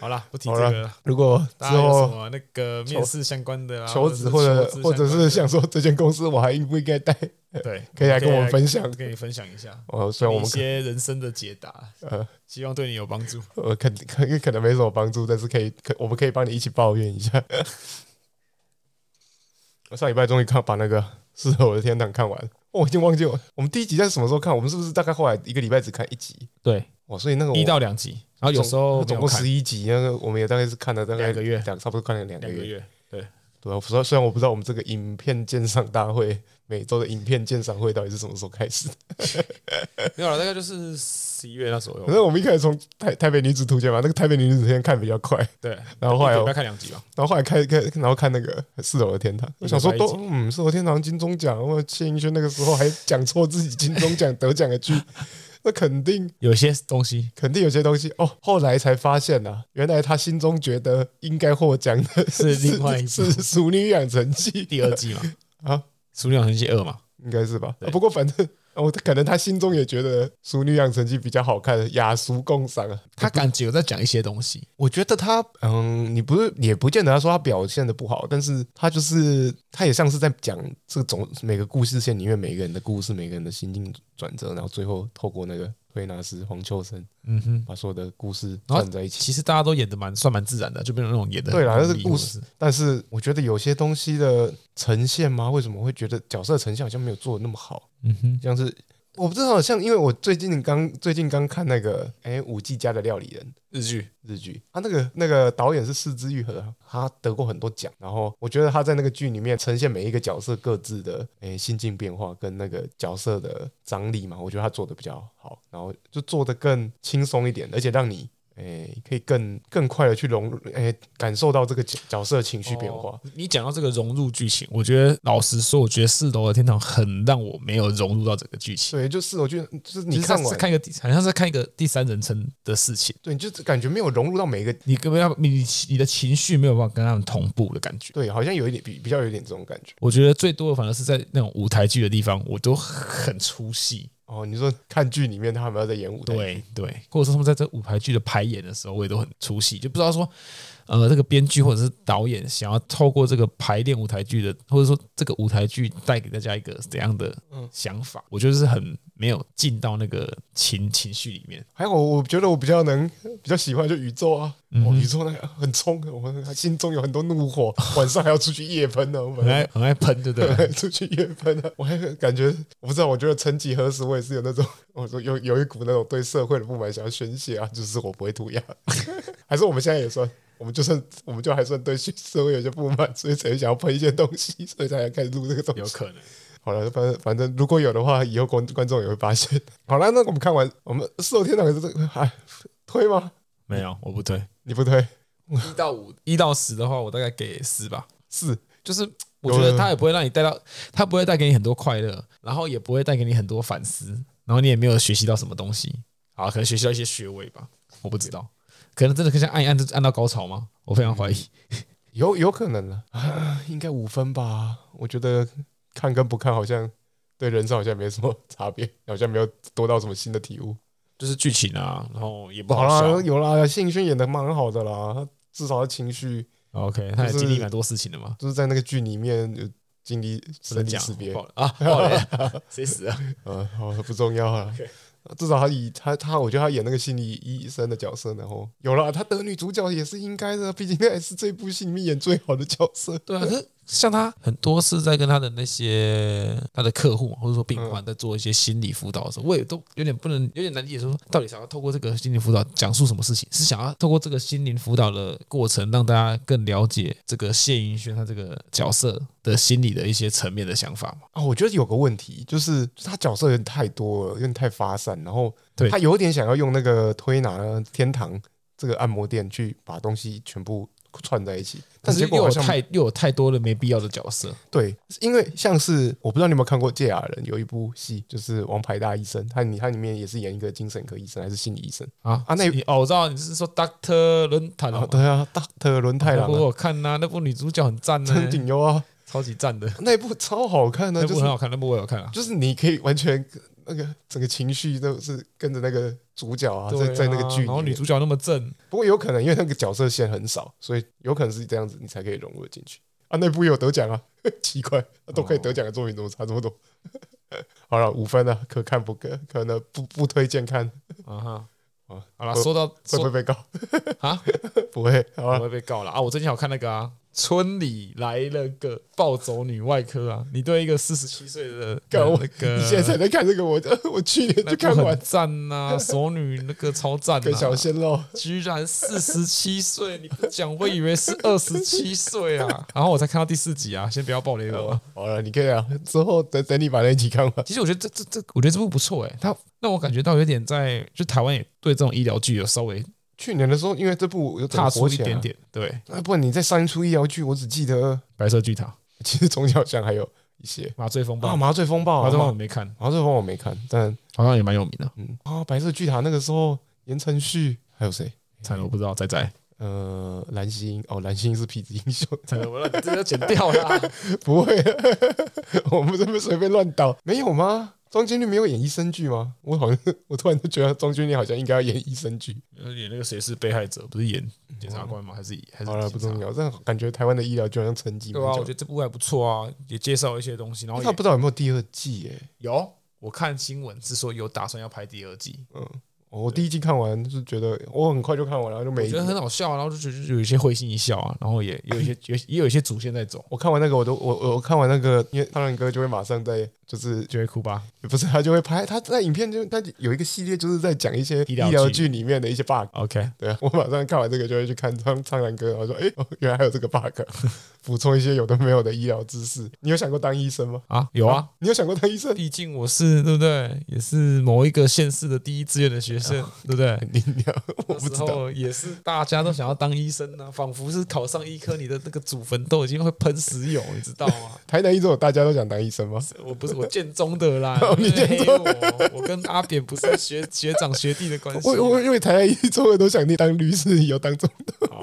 好了，不提這個。如果之後什麼那個面試相關的，啊，求職或者、或者是想說這間公司，我還應不應該待？ [laughs] 對，可以來跟我們分享，跟你分享一下。哦，雖然我們一些人生的解答，呃，希望對你有幫助。呃，肯可可能沒什麼幫助，但是可以可我們可以幫你一起抱怨一下。 [laughs] 我上禮拜終於看把那個《四樓的天堂》看完，我、哦、已經忘記我我們第一集在什麼時候看，我們是不是大概後來一個禮拜只看一集？對，哦，所以那個一到兩集，然後有時候有總，總共十一集，那個我們也大概是看了大概一個月，兩差不多看了兩個月。兩個月，對對，雖雖然我不知道我們這個影片鑑賞大會每週的影片鑑賞會到底是什麼時候開始， [laughs] 沒有了，大概就是。十一月那時候，反正我們一開始從台台北女子圖鑑嘛，那個台北女子圖鑑看比較快，對，然後後來我還要看兩集嘛，然後後來開開，然後看那個四樓的天堂，我想說都嗯，四樓天堂金鐘獎，然後謝盈萱那個時候還講錯自己金鐘獎得獎的劇， [laughs] 那肯定有些東西，肯定有些東西哦，後來才發現啊，原來他心中覺得應該獲獎的是，是另外一，次，是俗女養成記 [laughs] 第二季嘛，啊，俗女養成記二嘛，應該是吧、啊？不過反正。我可能他心中也覺得《淑女養成記》比較好看，雅俗共賞啊。他感覺我在講一些東西，我覺得他嗯，你不是也不見得他說他表現的不好，但是他就是他也像是在講這種每個故事線裡面每個人的故事，每個人的心境轉折，然後最後透過那個。推拿師黃秋生，嗯哼，把所有的故事串在一起。其實大家都演的蠻算蠻自然的，就沒有那種演的對啦。但是故事，但是我覺得有些東西的呈現嘛，為什麼會覺得角色呈現好像沒有做的那麼好？嗯哼，像是。我不知道，像因為我最近剛最近剛看那個哎，舞妓家的料理人日劇日劇，他那個那個導演是是枝裕和，他得過很多獎，然後我覺得他在那個劇裡面呈現每一個角色各自的哎、欸、心境變化跟那個角色的張力嘛，我覺得他做的比較好，然後就做的更輕鬆一點，而且讓你。哎，可以更更快的去融入，哎，感受到這個角角色的情緒變化。哦，你講到這個融入劇情，我覺得老實說，我覺得四樓的天堂很讓我沒有融入到整個劇情。對，就四樓，覺就是你在看，看一個，好像在看一個第三人稱的事情。對，你就感覺沒有融入到每一個你跟，根本要你你的情緒沒有辦法跟他們同步的感覺。對，好像有一點比比較有一點這種感覺。我覺得最多的反而是在那種舞台劇的地方，我都很出戲。哦，你說看劇裡面他們要在演舞台？對對，或者說他們在這舞台劇的排演的時候，我也都很出戲，就不知道說。呃，這個編劇或者是導演想要透過這個排練舞台劇的，或者說這個舞台劇帶給大家一個怎樣的想法？我覺得是很沒有進到那個情情緒裡面。還有，我我覺得我比較能比較喜歡就宇宙啊，嗯哦、宇宙那個很衝，我心中有很多怒火，晚上還要出去夜噴呢、啊。我本來 [laughs] 很愛噴，愛噴對不對？ [laughs] 出去夜噴、啊、我還感覺我不知道，我覺得曾幾何時我也是有那種，我說有有一股那種對社會的不滿想要宣泄啊，就是我不會塗鴉， [laughs] 還是我們現在也算。我們就算，我們就還算對社會有些不滿，所以才想要噴一些東西，所以才開始錄這個東西。有可能，好了，反正反正，如果有的話，以後觀觀眾也會發現。好了，那我們看完，我們四樓天堂還是這個，還推嗎？沒有，我不推，你不推。一到五，一到十的話，我大概給十吧。是，就是我覺得他也不會讓你帶到，他不會帶給你很多快樂，然後也不會帶給你很多反思，然後你也沒有學習到什麼東西啊，可能學習到一些學位吧，我不知道。Okay. 可能真的可以像按一按就按到高潮嗎？我非常懷疑有，有有可能了啊，啊，應該五分吧？我覺得看跟不看好像對人生好像沒什麼差別，好像沒有多到什麼新的體悟，就是劇情啊，然後也不好。啦、啊。有啦，信勳演的蠻好的啦，至少他情緒 OK，他還經歷蠻多事情的嘛，就是在那個劇裡面經歷生離死別啊，誰、哦、死了啊？嗯，好，不重要啊。Okay. 至少他以他他，他我覺得他演那個心理醫生的角色，然後有了他得女主角也是應該的，畢竟他是這部戲裡面演最好的角色。對啊，對。像他很多是在跟他的那些他的客戶或者說病患在做一些心理輔導的時候，我也都有點不能有點難理解，說到底想要透過這個心理輔導講述什麼事情？是想要透過這個心靈輔導的過程讓大家更了解這個謝盈萱，他這個角色的心理的一些層面的想法嘛？啊，我覺得有個問題就是他角色有點太多了，有點太發散，然後對，他有點想要用那個推拿天堂這個按摩店去把東西全部。串在一起，但，結果但是又有太又有太多的沒必要的角色。對，因為像是我不知道你有沒有看過《堺雅人》，有一部戲就是《王牌大醫生》他、他他裡面也是演一個精神科醫生還是心理醫生啊啊！啊那哦，我知道你是說 Doctor 倫太郎。啊，對啊，Doctor 倫太郎、啊。啊、我看過、啊、那部，女主角很贊呢、欸，蒼井優啊，超級贊的那部超好看呢，那部很好看，就是、那部我也好看啊，就是你可以完全。那個整個情緒都是跟着那個主角啊，在、啊、在那個劇，然後女主角那麼正，不過有可能因為那個角色線很少，所以有可能是這樣子，你才可以融入進去啊。那部有得獎啊， [laughs] 奇怪、啊，都可以得獎的作品怎麼差這麼多？ [laughs] 好了，五分啊，可看不可，可能不不推薦看啊哈啊，好了，說到說會不會被告 [laughs] 啊？ [laughs] 不會，不會被告了啊！我最近好看那個啊。村裡來了個暴走女外科啊！你對一個四十七歲的高位哥，你現在才在看這個？我我去年就看完讚吶、啊，索女那個超讚、啊，跟小鮮肉居然四十七歲，你不講會以為是二十七歲啊！然後我才看到第四集啊，先不要暴雷了好了，你可以啊，之後等等你把那集看完。其實我覺得這這這，我覺得這部不錯哎、欸，他讓我感覺到有點在，就台灣也對這種醫療劇有稍微。去年的時候，因為這部有差多、啊、一點點，對。啊、不然你再刪出醫療劇，我只記得《白色巨塔》，其實從小講還有一些麻醉風暴，麻醉風暴，哦、麻醉風暴、啊、麻醉我沒看，麻醉風暴沒看，但好像也蠻有名的。嗯啊，哦《白色巨塔》那個時候，言承旭還有誰？彩我不知道，仔仔、嗯，呃，藍心，哦，藍心是痞子英雄，彩彩 [laughs] 我亂，這要剪掉啦、啊、 [laughs] 不會了， [laughs] 我們這麼隨便亂倒。沒有嗎？張鈞甯沒有演醫生劇嗎？我好像，我突然就覺得張鈞甯好像應該要演醫生劇，演那個誰是被害者，不是演檢察官嗎？嗯、還是好、啊、還是好、啊、不重要？這樣感覺台灣的醫療就好像成績。對、啊、我覺得這部還不錯啊，也介紹一些東西。然後不知道有沒有第二季？耶？有，我看新聞是說有打算要拍第二季。嗯。我第一季看完就覺得我很快就看完了，就沒一個覺得很好笑，啊，然後就覺得就有一些會心一笑啊，然後也有一些也 [laughs] 也有一些主線在走。我看完那個我都我我看完那個，因為蒼蘭哥就會馬上在就是就會哭吧，不是他就會拍他在影片，就他有一個系列就是在講一些醫療劇裡面的一些 bug。OK，對，啊，我馬上看完這個就會去看蒼蒼蘭哥，然後說哎，欸哦，原來還有這個 bug，補充一些有的沒有的醫療知識。你有想過當醫生嗎？啊，有啊，啊你有想過當醫生？畢竟我是對不對，也是某一個縣市的第一志願的學生。是，對不對？你、你啊，我不知道。也是大家都想要當醫生呢、啊，仿佛是考上醫科，你的那個祖墳都已經會噴石油，你知道嗎？ [laughs] 台南一中，大家都想當醫生嗎？我不是，我建中的啦。你建中， [laughs] 我跟阿扁不是學 [laughs] 學長學弟的關係。我我因為台南一中的都想你當律師，你要當中的 [laughs] 哦。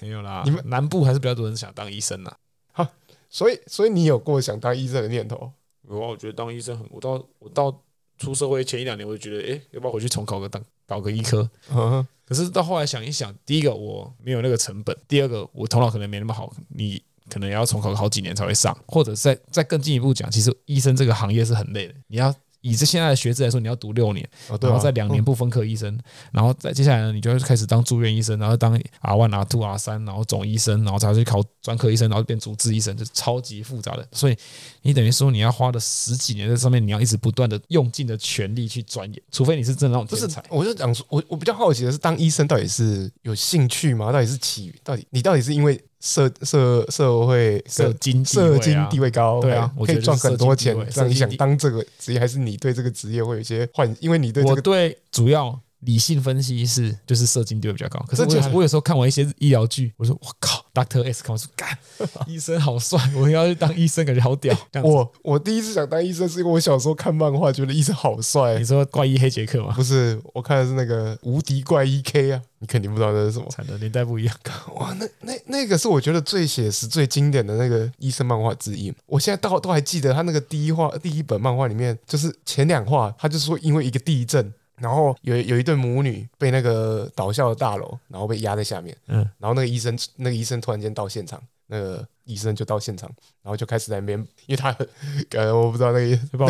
沒有啦，你們南部還是比較多人想當醫生啦。好，所以所以你有過想當醫生的念頭？我我覺得當醫生很，我到我到。出社會前一兩年，我就覺得，誒，要不要回去重考個當考個醫科？Uh-huh. 可是到後來想一想，第一個我沒有那個成本，第二個我頭腦可能沒那麼好，你可能要重考個好幾年才會上。或者再再更進一步講，其實醫生這個行業是很累的，你要。以這現在的學制來說，你要讀六年，然後再兩年不分科醫生，然後再接下來呢，你就要開始當住院醫生，然後當 R1、R2、R3，然後總醫生，然後才去考專科醫生，然後變主治醫生，就超級複雜的。所以你等於說你要花了十幾年在上面，你要一直不斷的用盡的全力去鑽研，除非你是真的那種天才。不是。我就想說，我我比較好奇的是，當醫生到底是有興趣嗎？到底是起，到底你到底是因為？社社社會社經、啊、社經地位高，對啊，可以賺很多錢。讓你想當這個職業，還是你對這個職業會有一些幻？因為你對這個、我對主要。理性分析是就是社經地位比較高，可是我有、就是、我有時候看完一些醫療劇，我說我靠，Doctor S，我說幹， [laughs] 醫生好帥，我要去當醫生，感覺好屌。我我第一次想當醫生是因為我小時候看漫畫，覺得醫生好帥。你說怪醫黑傑克嗎？不是，我看的是那個無敵怪醫 K 啊，你肯定不知道這是什麼，年代不一樣。哇，那那那個是我覺得最寫實、最經典的那個醫生漫畫之一。我現在倒都還記得他那個第一話，第一本漫畫裡面，就是前兩話，他就說因為一個地震。然後有有一對母女被那個倒下的大樓，然後被壓在下面。嗯，然後那個醫生，那個醫生突然間到現場，那個醫生就到現場，然後就開始在那邊，因為他很，呃，我不知道那個那個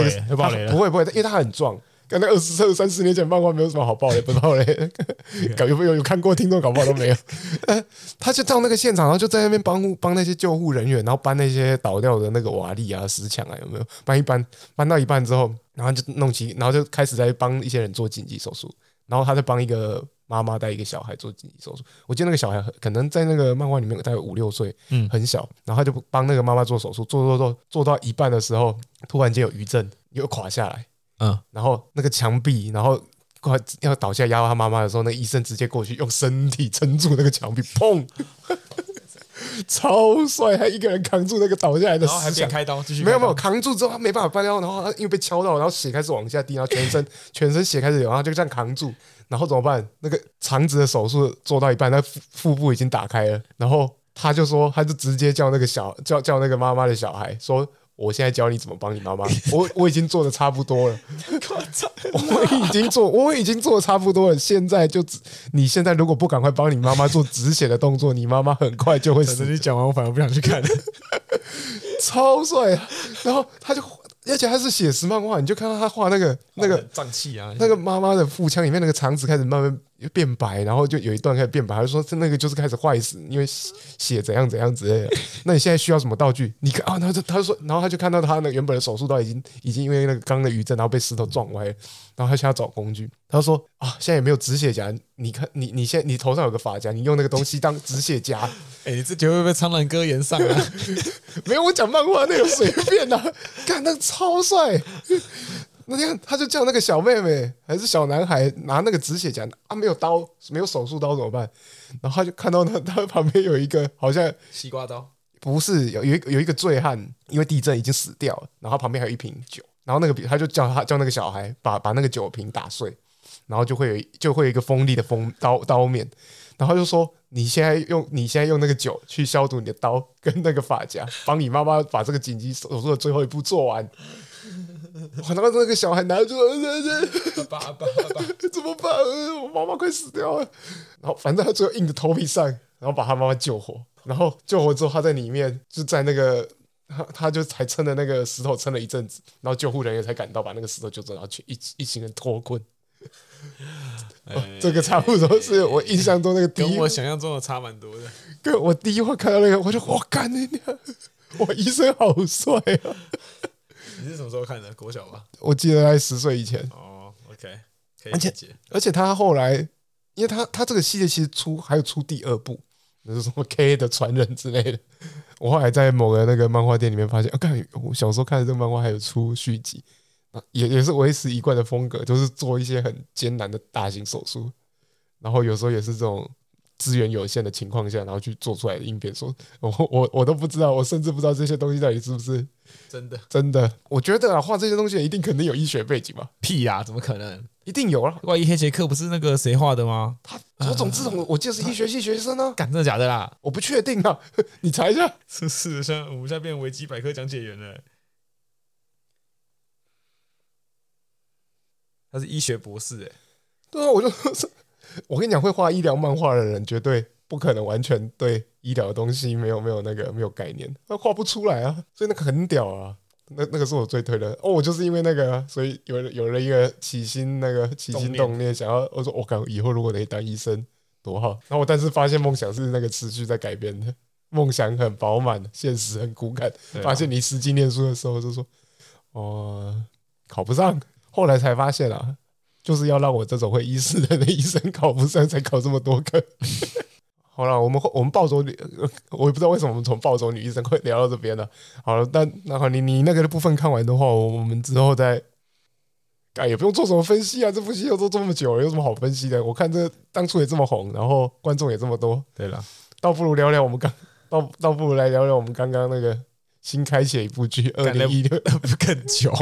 不會不會，因為他很壯。剛才二、三十年前漫畫沒有什麼好報的。不報嘞、啊， [laughs] 有有有有看過聽眾搞不好都沒有。 [laughs] 他就到那個現場，然後就在那邊幫幫那些救護人員，然後搬那些倒掉的那個瓦礫啊、石牆啊，有沒有？搬一搬，搬到一半之後，然後就弄起，然後就開始在幫一些人做緊急手術。然後他在幫一個媽媽帶一個小孩做緊急手術。我記得那個小孩很可能在那個漫畫裡面大概五六歲，很小。嗯、然後他就幫那個媽媽做手術，做，做做做，做到一半的時候，突然間有餘震，又垮下來。嗯，然後那個牆壁，然後快要倒下壓到他媽媽的時候，那個、醫生直接過去用身體撐住那個牆壁，砰， [laughs] 超帥，他一個人扛住那個倒下來的想，然後還沒開刀繼續開刀。沒有沒有，扛住之後他沒辦法搬掉，然後他因為被敲到了，然後血開始往下滴，然後全身 [laughs] 全身血開始流，然後就這樣扛住，然後怎麼辦？那個腸子的手術做到一半，那腹腹部已經打開了，然後他就說，他就直接叫那個小叫叫那個媽媽的小孩說。我現在教你怎麼幫你媽媽。我我已經做的差不多了。我已經做我已經做的差不多了。現在就只你現在如果不趕快幫你媽媽做止血的動作，你媽媽很快就會死。你講完，我反而不想去看。超帥啊！然後他就，而且他是寫實漫畫，你就看到他畫那個那個臟器啊，那個媽媽的腹腔裡面那個腸子開始慢慢。就變白，然後就有一段開始變白，他就說是那個就是開始壞死，因為血怎樣怎樣之類的。那你現在需要什麼道具？你看啊，然後他，就他就說，然後他就看到他那原本的手術刀已經已經因為那個剛的餘震，然後被石頭撞歪了，然後他現在找工具。他說啊，現在也沒有止血夾，你看你你現在你頭上有個髮夾，你用那個東西當止血夾。哎、欸，你自己會不會蒼藍鴿炎上啊？ [laughs] 沒有，我講漫畫那個隨便吶、啊，看那超帥。那天他就叫那個小妹妹還是小男孩拿那個止血夾啊。沒有刀，沒有手術刀怎麼辦？然後他就看到他，他旁邊有一個好像西瓜刀，不是，有有有一個醉漢，因為地震已經死掉了，然後旁邊還有一瓶酒，然後那個他就叫他叫那個小孩把把那個酒瓶打碎，然後就會有就會有一個鋒利的鋒刀刀面，然後他就說，你現在用你現在用那個酒去消毒你的刀跟那個髮夾，幫你媽媽把這個緊急手術的最後一步做完。 [laughs] 我然後這個小孩拿着，這這這，怎麼辦，啊？我媽媽快死掉了。然後反正他最後硬着頭皮上，然後把他媽媽救活。然後救活之後，他在裡面就在那個他他就才撐着那個石頭撐了一陣子，然後救護人員才趕到，把那個石頭救走，然後去一一,一行人脫困。這個差不多是我印象中那個第一，比我想象中的差蠻多的。對，我第一回看到那個，我就哇，幹你娘！哇醫生好帥啊！你是什麼時候看的？國小吧，我記得在十歲以前而且。哦，OK，可以而且他後來，因為他他這個系列其實出還有出第二部，就是什麼 K 的傳人之類的。我後來在某個那個漫畫店裡面發現，啊，看我小時候看的這個漫畫還有出續集，啊，也也是維持一貫的風格，就是做一些很艱難的大型手術，然後有時候也是這種。資源有限的情況下，然後去做出來的應變，說我我我都不知道，我甚至不知道這些東西到底是不是真的真的。我覺得啊，畫這些東西一定肯定有醫學背景吧？屁呀，怎麼可能？一定有啊！怪醫黑傑克不是那個誰畫的嗎？他我總之我我就是醫學系學生呢、啊啊。敢真的假的啦？我不確定啊，你查一下。是 [laughs] 是，我像我們現在變成維基百科講解員了。他是醫學博士哎、欸，對啊，我就。我跟你講，會畫醫療漫畫的人絕對不可能完全對醫療的東西沒有沒有那個沒有概念，他畫不出來啊！所以那個很屌啊，那那個是我最推的哦。我就是因為那個，所以有有了一個起心那個起心動念，動念想要我說我感、OK, 以後如果可以當醫生多好。然後我但是發現夢想是那個持續在改變的，夢想很飽滿，現實很骨感。啊、發現你實際念書的時候就說哦、呃、考不上，後來才發現啊。就是要讓我這種會醫死人的那醫生考不上，才考這麼多科。 [laughs] 好了，我們我們暴走女，我也不知道為什麼我們從暴走女醫生會聊到這邊了、啊。好了，那然後你你那個的部分看完的話，我，我們之後再，哎、啊，也不用做什麼分析啊，這部戲又做這麼久了，有什麼好分析的？我看這當初也這麼紅，然後觀眾也這麼多，對了，倒不如聊聊我們剛倒倒不如來聊聊我們剛剛那個。新開啟一部劇，二零一六更久。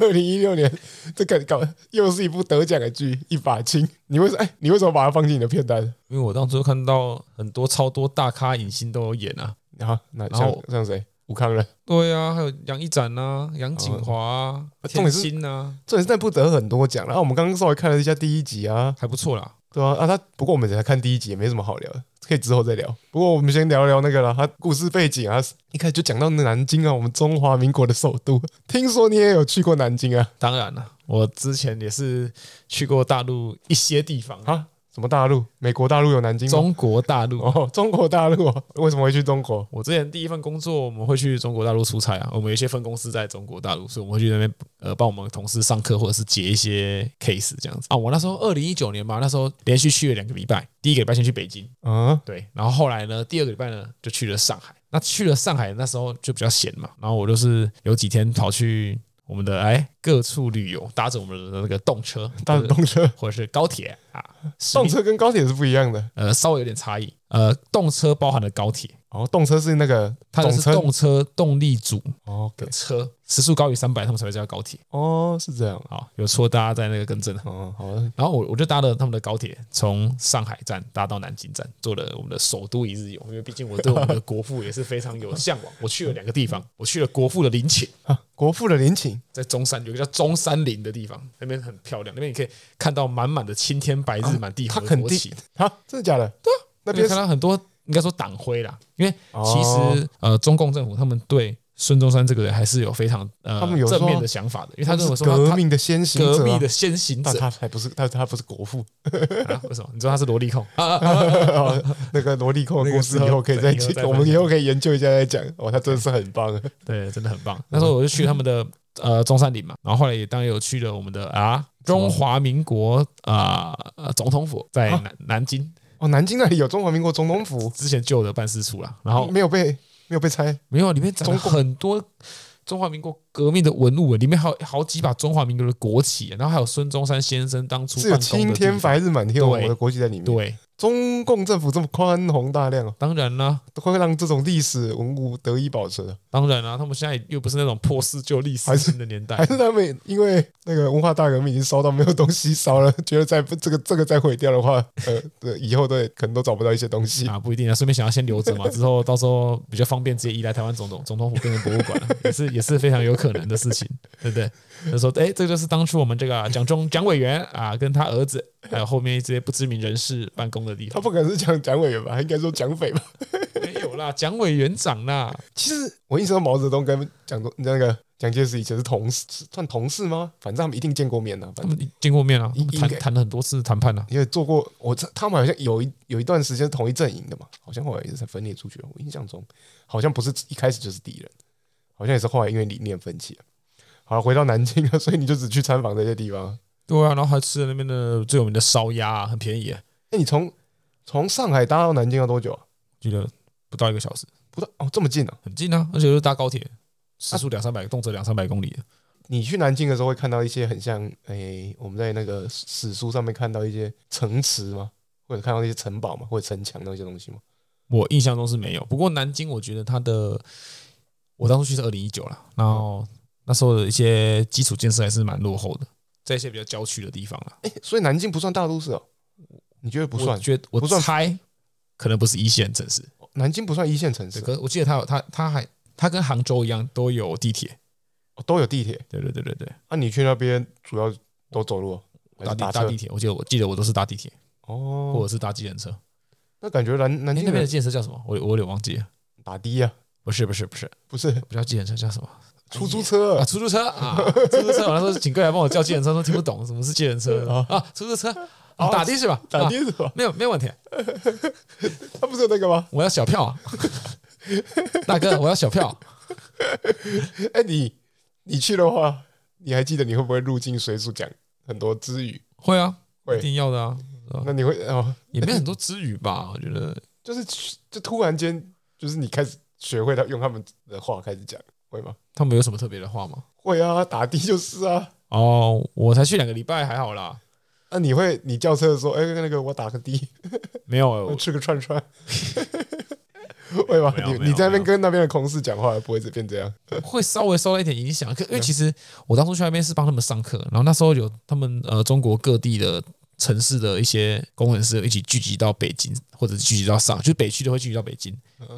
二零一六年，這個搞又是一部得獎的劇，一把青。你為什麼？哎、欸，你為什麼把它放進你的片單？因為我當初看到很多超多大咖影星都有演啊，啊然後那像像誰？吳康仁。對啊，還有楊一展啊，楊景華，田欣啊。這、啊、實、啊、在不得很多獎了、啊。然、啊、我們剛剛稍微看了一下第一集啊，還不錯啦。對啊，啊他不過我們只才看第一集，也沒什麼好聊的。可以之後再聊，不過我們先聊聊那個了。他故事背景啊，一開始就講到南京啊，我們中華民國的首都。聽說你也有去過南京啊？當然了，我之前也是去過大陸一些地方啊哈什麼大陸？美國大陸有南京嗎？中國大陸哦，中國大陸哦，為什麼會去中國？我之前第一份工作，我們會去中國大陸出差啊，我們有一些分公司在中國大陸，所以我們會去那邊呃幫我們同事上課或者是接一些 case 這樣子啊。我那時候二零一九年吧，那時候連續去了兩個禮拜，第一個禮拜先去北京，嗯，對，然後後來呢，第二個禮拜呢就去了上海。那去了上海那時候就比較閒嘛，然後我就是有幾天跑去。我們的哎，各處旅遊，搭着我們的那個動車，搭着動車或者是高鐵啊，動車跟高鐵是不一樣的，呃，稍微有點差異，呃，動車包含了高鐵。哦，動車是那個，它是動車動力組哦的車哦、okay，時速高於三百，他們才會叫高鐵。哦，是這樣啊，好有錯大家在那個更正。哦，好的。然後我我就搭了他們的高鐵，從上海站搭到南京站，坐了我們的首都一日遊。因為畢竟我對我們的國父也是非常有向往。我去了兩個地方，我去了國父的陵寢、啊、國父的陵寢在中山，有個叫中山陵的地方，那邊很漂亮，那邊你可以看到滿滿的青天白日滿、啊、地紅、啊、它很他好、啊，真的假的？對、啊、那邊看到很多。應該說黨徽啦，因為其實、哦、呃，中共政府他們對孫中山這個人還是有非常呃正面的想法的，因為他跟我說革命的先行者、啊。革命的先行者，啊、他還不是他他不是國父、 [laughs] 啊？為什麼？你知道他是蘿莉控 [laughs] 啊？啊啊啊 [laughs] 那個蘿莉控公司以後可以再、那個、以我們以後可以研究一下再講。哦，他真的是很棒對，真的很棒。那時候我就去他們的、嗯、 [laughs] 呃中山陵嘛，然後後來也當然有去了我們的啊中華民國啊、呃、總統府，在南、啊、南京。哦，南京那裡有中華民國總統府，之前舊的辦事處了，然後、嗯、沒有被沒有被拆，沒有裡面整很多中華民國。革命的文物，裡面還有好幾把中華民國的國旗，然後還有孫中山先生當初是青天白日滿天紅我的國旗在裡面。對，對中共政府這麼寬宏大量，當然啦、啊，都會讓這種歷史文物得以保存。當然啦、啊，他們現在又不是那種破四舊歷史的年代還，還是他們因為那個文化大革命已經燒到沒有東西燒了，覺得再不這個這個再毀掉的話，呃，以後都可能都找不到一些東西啊，不一定啊，順便想要先留着嘛， [laughs] 之後到時候比較方便直接移來台灣總統總統府變成博物館，也是也是非常有可。可能的事情，對不對？他、就是、說：“誒，這就是當初我們這個蔣中蔣委員啊，跟他兒子，還有後面一些不知名人士辦公的地方。”他不可能是蔣蔣委員吧？應該說蔣匪吧？ [laughs] 沒有啦，蔣委員長啦。其實我一直說毛澤東跟蔣總，那個蔣介石以前是同事，算同事嗎？反正他們一定見過面的、啊，他們見過面了、啊，談談了很多次談判了、啊，因為做過。我他們好像有一有一段時間是同一陣營的嘛，好像後來也是分裂出去了。我印象中，好像不是一開始就是敵人。好像也是後來因為理念分歧。好了，回到南京啊，所以你就只去參訪這些地方。對啊，然後還吃了那邊的最有名的燒鴨、啊，很便宜。哎、欸，你從從上海搭到南京要多久啊？記得不到一個小時，不到哦，這麼近啊？很近啊，而且又搭高鐵，時速兩三百，動輒兩三百公里、啊。你去南京的時候會看到一些很像哎、欸，我們在那個史書上面看到一些城池嗎？或者看到一些城堡嗎？或者城牆那些東西嗎？我印象中是沒有。不過南京，我覺得它的。我當初去是二零一九了，然後那時候的一些基礎建設還是蠻落後的，在一些比較郊區的地方啊、欸。所以南京不算大都市哦？你覺得不算？我覺得我猜可能不是一線城市。南京不算一線城市。可是我記得他它它，它還它跟杭州一樣都有地鐵、哦，都有地鐵。對對對對對。那、啊、你去那邊主要都走路？打地鐵？我記得我記得我都是搭地鐵哦，或者是搭計程車。那感覺南南京、欸、那邊的建設叫什麼？我我有點忘記了。打的呀、啊。不是不是不是不是，不，是不，是不是我叫計程車，叫什麼？出租車啊，出租車啊，出租車！我那時候請各位來幫我叫計程車， [laughs] 都聽不懂什麼是計程車啊啊，出租車、啊、打的是吧？啊啊、打的是吧？沒有沒有問題，他、啊、不是有那個嗎？我要小票、啊， [laughs] 大哥，我要小票、啊。哎、 [laughs] 欸，你你去的話，你還記得你會不會入境隨俗講很多支語？會啊，會一定要的啊。嗯、那你會哦，也沒有很多支語吧、欸？我覺得就是就突然間就是你開始。學會他用他們的話開始講，會嗎？他們有什麼特別的話嗎？會啊，打的就是啊。哦、oh,，我才去兩個禮拜還好啦。那、啊、你會你叫車的時候，哎、欸，那個我打個的、欸， [laughs] [laughs] [laughs] [laughs] 沒有，我吃個串串會嗎？你你在那邊跟那邊的同事講話不會變這樣？ [laughs] 會稍微受到一點影響，因為其實我當初去那邊是幫他們上課，然後那時候有他們呃中國各地的。城市的一些工程師一起聚集到北京，或者是聚集到上，就是、北區都會聚集到北京，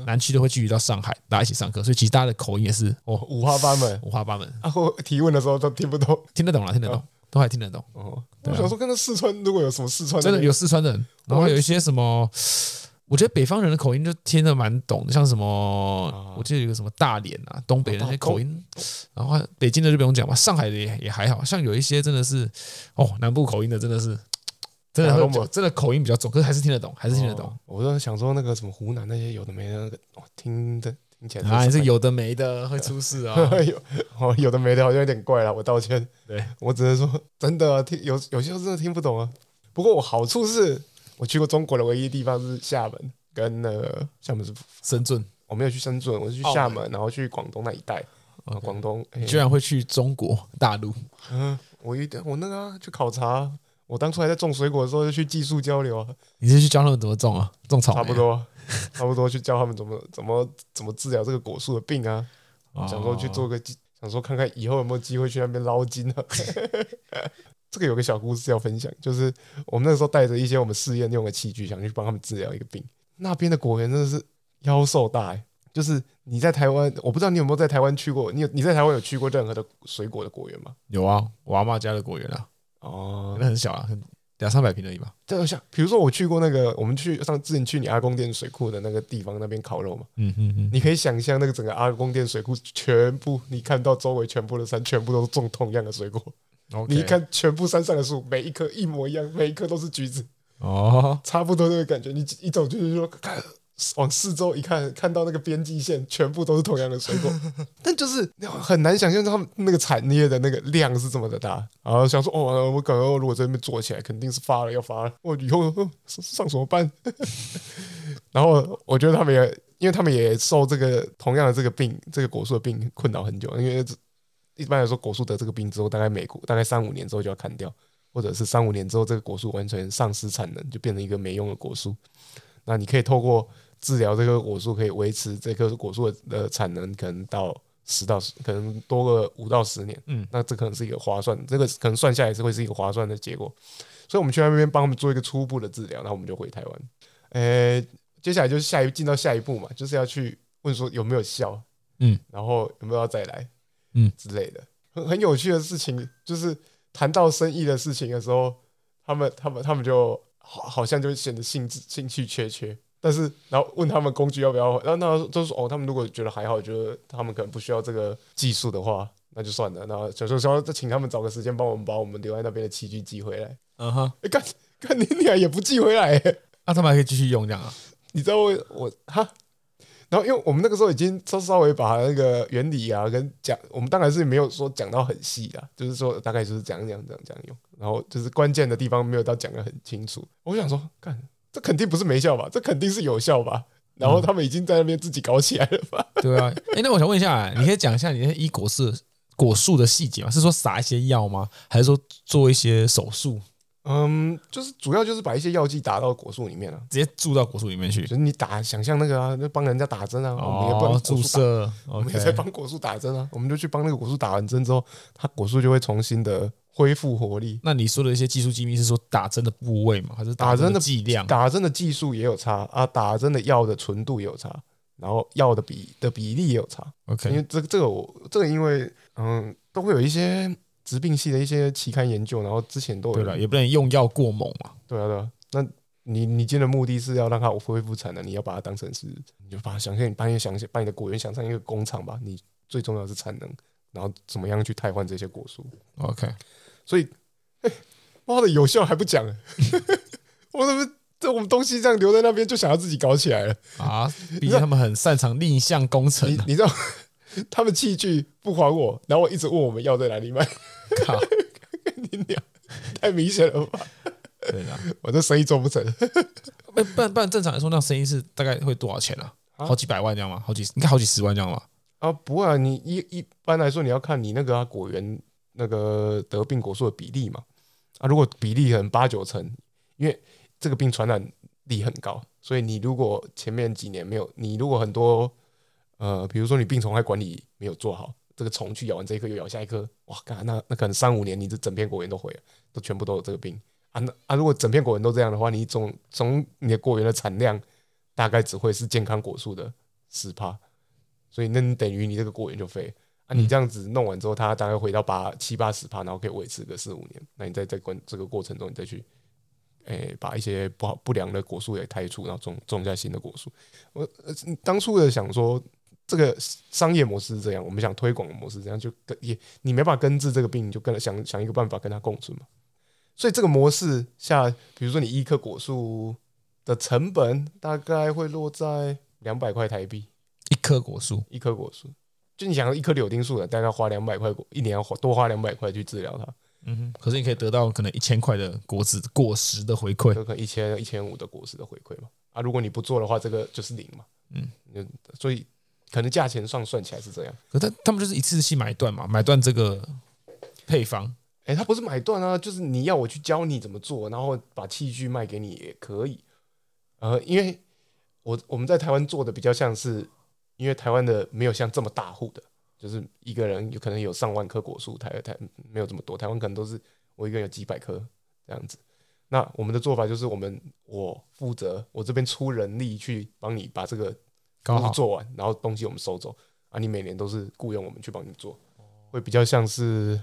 南區都會聚集到上海，大家一起上課，所以其實大家的口音也是哦，五花八門，五花八門。然、啊、後提問的時候都聽不懂，聽得懂了，聽得懂、啊，都還聽得懂。哦、啊，我想說，跟着四川，如果有什麼四川真的有四川人，然後有一些什麼，我，我覺得北方人的口音就聽得蠻懂，像什麼，啊、我記得有個什麼大連啊，東北的那些口音、哦哦哦，然後北京的就不用講吧，上海的也也還好像有一些真的是哦，南部口音的真的是。真的很會，真的口音比較重，可是還是聽得懂，還是聽得懂。哦、我就想說那個什麼湖南那些有的沒的、那個，聽的聽起來還是、啊、是有的沒的會出事啊、哦！ [laughs] 有、哦、有的沒的好像有點怪了，我道歉。對我只能說真的聽有有些時候真的聽不懂啊。不過我好處是我去過中國的唯一的地方是廈門跟那個廈門是深圳，我沒有去深圳，我是去廈門、哦，然後去廣東那一帶廣東、okay。欸、你居然會去中國大陸？嗯，我有點我那個、啊、去考察。我當初還在種水果的時候，就去技術交流。你是去教他們怎麼種啊？種草？差不多，差不多去教他們怎麼怎麼怎麼，怎麼治療這個果樹的病啊？想說去做個，想說看看以後有沒有機會去那邊撈金啊。 [laughs] 這個有個小故事要分享，就是我們那時候帶着一些我們試驗用的器具，想去幫他們治療一個病。那邊的果園真的是夭壽大，欸，就是你在台灣，我不知道你有沒有在台灣去過，你有你在台灣有去過任何的水果的果園嗎？有啊，我阿嬤家的果園啊。哦，那很小啊，兩三百坪而已吧。就像比如說，我去過那個，我們去上之前去你阿公店水庫的那個地方，那邊烤肉嘛。嗯嗯嗯，你可以想象那個整個阿公店水庫，全部你看到周圍全部的山，全部都是種同樣的水果。Okay、你看，全部山上的樹，每一棵一模一樣，每一棵都是橘子。哦，差不多那個感覺，你一走就是說。呵呵往四周一看，看到那個邊際線，全部都是同樣的水果，但就是很難想象他們那個產業的那個量是這麼的大。然後想說，哦，我可能如果這邊做起來，肯定是發了要發了。我以後上什麼班？ [laughs] 然後我覺得他們也，因為他們也受這個同樣的這個病，這個果樹的病困擾很久。因為一般來說，果樹得這個病之後，大概每果大概三五年之後就要砍掉，或者是三五年之後，這個果樹完全喪失產能，就變成一個沒用的果樹。那你可以透過治療這棵果樹，可以維持這棵果樹的產能，可能到十到十，可能多個五到十年。嗯，那這可能是一個划算，這個可能算下來是會是一個划算的結果。所以，我們去那邊幫他們做一個初步的治療，然後我們就回台灣。呃、欸，接下來就是下一進到下一步嘛，就是要去問說有沒有效，嗯，然後有沒有要再來，嗯之類的。很很有趣的事情，就是談到生意的事情的時候，他們他們他們就好好像就顯得興致興趣缺缺。但是，然後問他們工具要不要？然後那就說哦，他們如果覺得還好，就是他們可能不需要這個技術的話，那就算了。然後就說說就請他們找個時間幫我們把我們留在那邊的器具寄回來。嗯哼，幹幹你倆、啊、也不寄回來？那、啊、他們還可以繼續用這樣啊？你知道我我哈？然後因為我們那個時候已經稍稍微把那個原理啊跟講，我們當然是沒有說講到很細啦、啊，就是說大概就是講講講講，講用，然後就是關鍵的地方沒有到講得很清楚。我想說幹。這肯定不是沒效吧？這肯定是有效吧？然後他們已經在那邊自己搞起來了吧、嗯？ [laughs] 對啊，哎、欸，那我想問一下，你可以講一下你那些醫果是果樹的細節嗎？是說撒一些藥嗎？還是說做一些手術？嗯，就是主要就是把一些藥劑打到果樹裡面了、啊，直接注到果樹裡面去。就是你打，想象那個啊，就幫人家打針啊、哦，我們也不能注射，okay、我們也在幫果樹打針啊。我們就去幫那個果樹打完針之後，它果樹就會重新的恢復活力。那你說的一些技術機密是說打針的部位嗎？還是打針的劑量？打針的技術也有差啊，打針的藥的純度也有差，然後藥的比的比例也有差。OK，因為這個這個我這個因為嗯都會有一些。植病系的一些期刊研究，然後之前都有。對了，也不能用藥過猛啊。對啊，對啊。那你你今天的目的是要讓它恢復產能、啊，你要把它當成是，你就把它想象，你半夜想象，把你的果園想象一個工廠吧。你最重要的是產能，然後怎麼樣去替換這些果樹？OK。所以，欸、媽的，有效還不講， [laughs] [laughs] 我怎麼這我們東西這樣留在那邊，就想要自己搞起來了啊？畢竟他們很擅長逆向工程、啊你你，你知道，他們器具不還我，然後我一直問我們藥在哪裡買。靠 [laughs] 你，你倆太明顯了吧？ [laughs] 對啦，我這生意做不成，欸。那不然不然，不然正常來說，那生意是大概會多少錢呢？啊啊？好幾百萬這樣嗎？好幾應該好幾十萬這樣嗎？啊，不會，啊，你一一般來說，你要看你那個，啊、果園那個得病果樹的比例嘛。啊，如果比例很八九成，因為這個病傳染力很高，所以你如果前面幾年沒有，你如果很多呃，比如說你病蟲害管理沒有做好。這個蟲去咬完這一顆，又咬下一顆，哇！那那可能三五年，你這整片果園都毀了，都全部都有這個病啊！那啊，如果整片果園都這樣的話，你總總你的果園的產量大概只會是健康果樹的十趴。所以那你等於你這個果園就廢了啊！你這樣子弄完之後，它大概回到八七八十趴，然後可以維持個四五年。那你在這關這個過程中，你再去誒、欸、把一些不好不良的果樹也開除，然後種種下新的果樹。我、呃、當初也想說。這個商業模式是這樣，我們想推廣的模式這樣，就跟也你沒辦法根治這個病，你就跟想想一個辦法跟他共存嘛。所以這個模式下，比如說你一棵果樹的成本大概會落在兩百塊台幣，一棵果樹，一棵果樹，就你想一棵柳丁樹的，大概要花兩百塊，一年要多花兩百塊去治療它。嗯哼，可是你可以得到可能一千塊的果子果實的回饋，可能一千一千五的果實的回饋嘛。啊，如果你不做的話，這個就是零嘛。嗯，所以。可能價錢算算起來是這樣，可他他們就是一次性買斷嘛，買斷這個配方。哎、欸，他不是買斷啊，就是你要我去教你怎麼做，然後把器具賣給你也可以。呃，因為我我們在台灣做的比較像是，因為台灣的沒有像這麼大戶的，就是一個人有可能有上萬棵果樹，台台沒有這麼多，台灣可能都是我一個人有幾百棵這樣子。那我們的做法就是我，我們我負責，我這邊出人力去幫你把這個。剛做完，然後東西我們收走啊！你每年都是僱傭我們去幫你做，會比較像是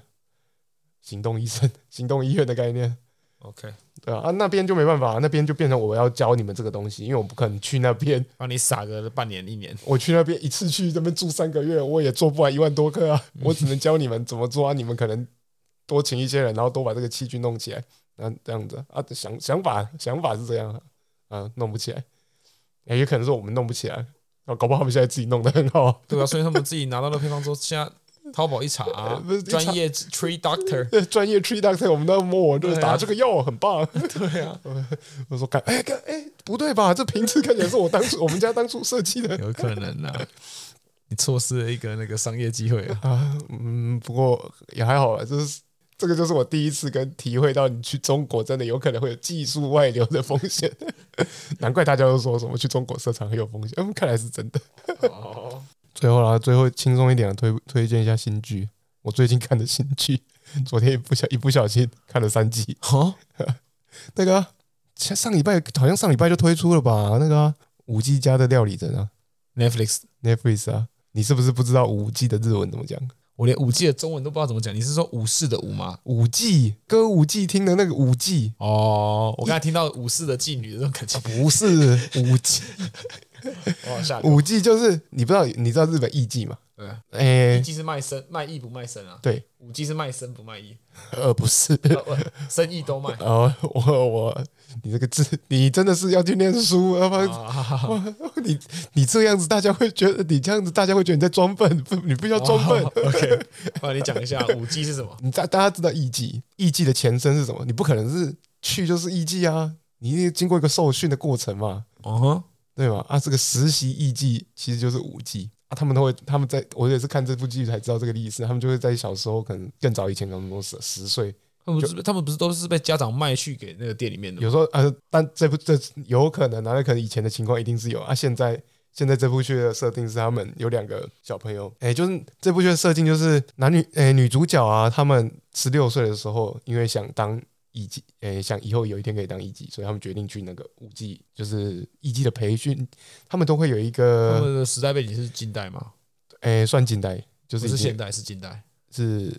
行動醫生、行動醫院的概念。OK，對啊啊，那邊就沒辦法，那邊就變成我要教你們這個東西，因為我不可能去那邊幫你傻個半年一年。我去那邊一次，去那邊住三個月，我也做不完一萬多個啊、嗯！我只能教你們怎麼做啊！你們可能多請一些人，然後多把這個器具弄起來，那這樣子啊，想想法想法是這樣啊，啊，弄不起來，也有可能說我們弄不起來。啊、搞不好他們現在自己弄得很好，對啊。所以他們自己拿到了配方之後，現在淘寶一、啊、一查，專業 Tree Doctor，專業 Tree Doctor，我們都要摸，我就是打這個藥，很棒對、啊。對啊，我說看，哎、欸，看、欸，哎、欸，不對吧？這瓶子看起來是我當初 [laughs] 我們家當初設計的，有可能呢、啊，你錯失了一個那個商業機會啊，啊。嗯，不過也還好啦，就是。這個就是我第一次跟體會到，你去中國真的有可能會有技術外流的風險。 [laughs] 難怪大家都說什麼去中國市場很有風險，看來是真的，oh.。最後啦，最後輕鬆一點推，推推薦一下新劇，我最近看的新劇，昨天一不小一不小心看了三集。好，huh? [laughs] 那個上，啊，上禮拜好像上禮拜就推出了吧？那個舞，啊，妓家的料理人啊，Netflix Netflix 啊，你是不是不知道舞妓的日文怎麼講？我連五 G 的中文都不知道怎麼講，你是說武士的武嗎？五 G，歌舞伎廳的那個五 G 哦，我剛才聽到武士的妓女那種感情，武士五 G。五 G 就是你不知道，你知道日本藝伎嗎？對、嗯，藝、欸、伎是賣身賣藝不賣身啊？對，五 G 是賣身不賣藝？呃，不是， [laughs] 呃、生意都賣。哦、oh,，我我你這個字，你真的是要去念書、啊？不、oh, 然、啊、你你這樣子大家會覺得，你這樣子大家會覺得你在裝笨，你不要裝笨。Oh, OK，幫你講一下五 G 是什麼？你大家大家知道藝伎，藝伎的前身是什麼？你不可能是去就是藝伎啊，你一定經過一個受訓的過程嘛。哦、uh -huh.。對吧？啊，這個實習藝妓其實就是舞妓啊。他們都會，他們在我也是看這部劇才知道這個歷史。他們就會在小時候，可能更早以前，可能都是十歲。他們不是，他們不是都是被家長賣去給那個店裡面的嗎？有時候，呃、啊，但這部這有可能啊，那可能以前的情況一定是有啊。現在現在這部劇的設定是，他們有兩個小朋友，哎，就是這部劇的設定就是男女，哎，女主角啊，他們十六歲的時候，因為想當。以及，呃，想以後有一天可以當藝伎，所以他們決定去那個舞妓，就是藝伎的培訓，他們都會有一個。他們的時代背景是近代嗎？哎，算近代，就是不是現代是近代是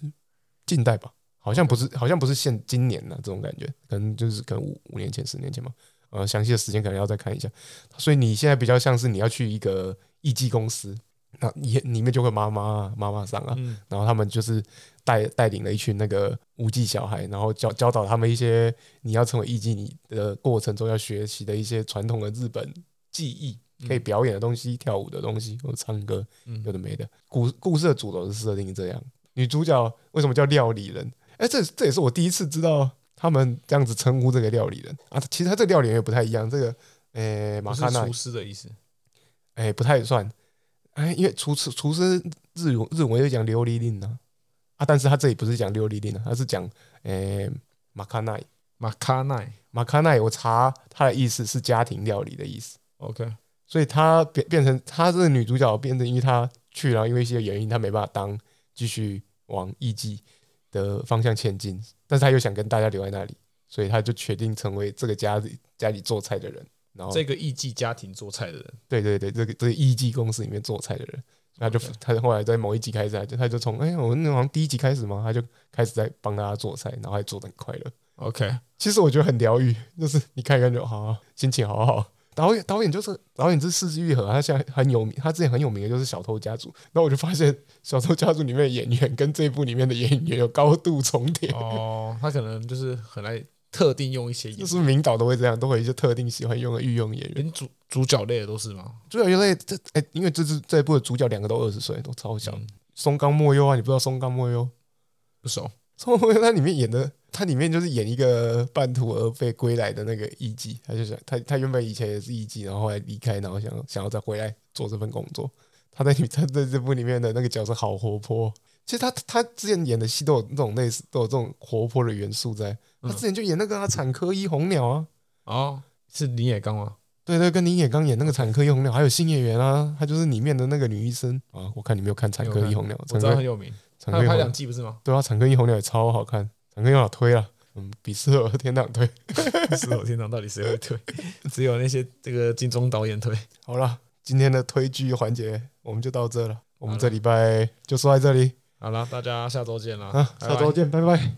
近代吧？好像不是，好像不是現今年的、啊、這種感覺，okay。可能就是跟五五年前、十年前嘛。呃，詳細的時間可能要再看一下。所以你現在比較像是你要去一個藝伎公司。那裡裡面就會媽媽媽媽桑啊、嗯，然後他們就是帶帶領了一群那個舞妓小孩，然後教教導他們一些，你要成為藝妓，你的過程中要學習的一些傳統的日本技藝、嗯，可以表演的東西，跳舞的東西，嗯、或者唱歌，嗯、有的沒的。故故事的主軸是設定這樣，女主角為什麼叫料理人？哎，這這也是我第一次知道他們這樣子稱呼這個料理人啊。其實他這個料理人也不太一樣，這個哎，馬哈娜廚師的意思，哎，不太算。哎、欸，因為廚師廚師日語日文又講料理令呢、啊啊，啊，但是他這裡不是講料理令呢、啊，他是講誒馬卡奈馬卡奈馬卡奈，我查他的意思是家庭料理的意思。OK，所以他變變成他是女主角，變成因為她去了然後因為一些原因她沒辦法當繼續往藝妓的方向前進，但是他又想跟大家留在那裡，所以他就決定成為這個家裡家裡做菜的人。然後這個藝 g 家庭做菜的人，對對對，這個這個藝 g 公司裡面做菜的人，他就、okay. 他就後來在某一集開始，他就從哎、欸、我們那好像第一集開始嘛，他就開始在幫大家做菜，然後還做的很快樂。OK，其實我覺得很療癒，就是你看看就好、啊，心情好好，好。導演導演就是導演，這是四季愈合，他現在很有名，他之前很有名的就是《小偷家族》，那我就發現《小偷家族》裡面的演員跟這部裡面的演員有高度重疊。哦，他可能就是很愛。特定用一些演員就是名導都會這樣？都會一些特定喜歡用的御用演員，連，主主角類的都是嗎？主角類這哎、欸，因為這是這一部的主角兩個都二十歲，都超像。嗯。松岡茉優啊，你不知道松岡茉優？不熟。松岡茉優他裡面演的，他裡面就是演一個半途而廢歸來的那個藝妓。他就想，他他原本以前也是藝妓，然後後來離開，然後想想要再回來做這份工作。他在他在這部裡面的那個角色好活潑。其實他他之前演的戲都有那種類似，都有這種活潑的元素在、嗯。他之前就演那個啊，《產科一紅鳥》啊，哦，是林也剛啊？對，對對，跟林也剛演那個《產科一紅鳥》，還有新演員啊，他就是裡面的那個女醫生啊。我看你沒有看《產科一紅鳥》，這個很有名。他拍兩季不是嗎？對啊，產《產科一紅鳥》也超好看，《產科》要推啊，嗯，比四手天堂推。 [laughs] 四手天堂到底誰會推？ [laughs] 只有那些這個金鐘導演推。好了，今天的推劇環節我們就到這了，我們這禮拜就說在這裡。好了，大家下週見了啊！拜拜，下週見，拜拜。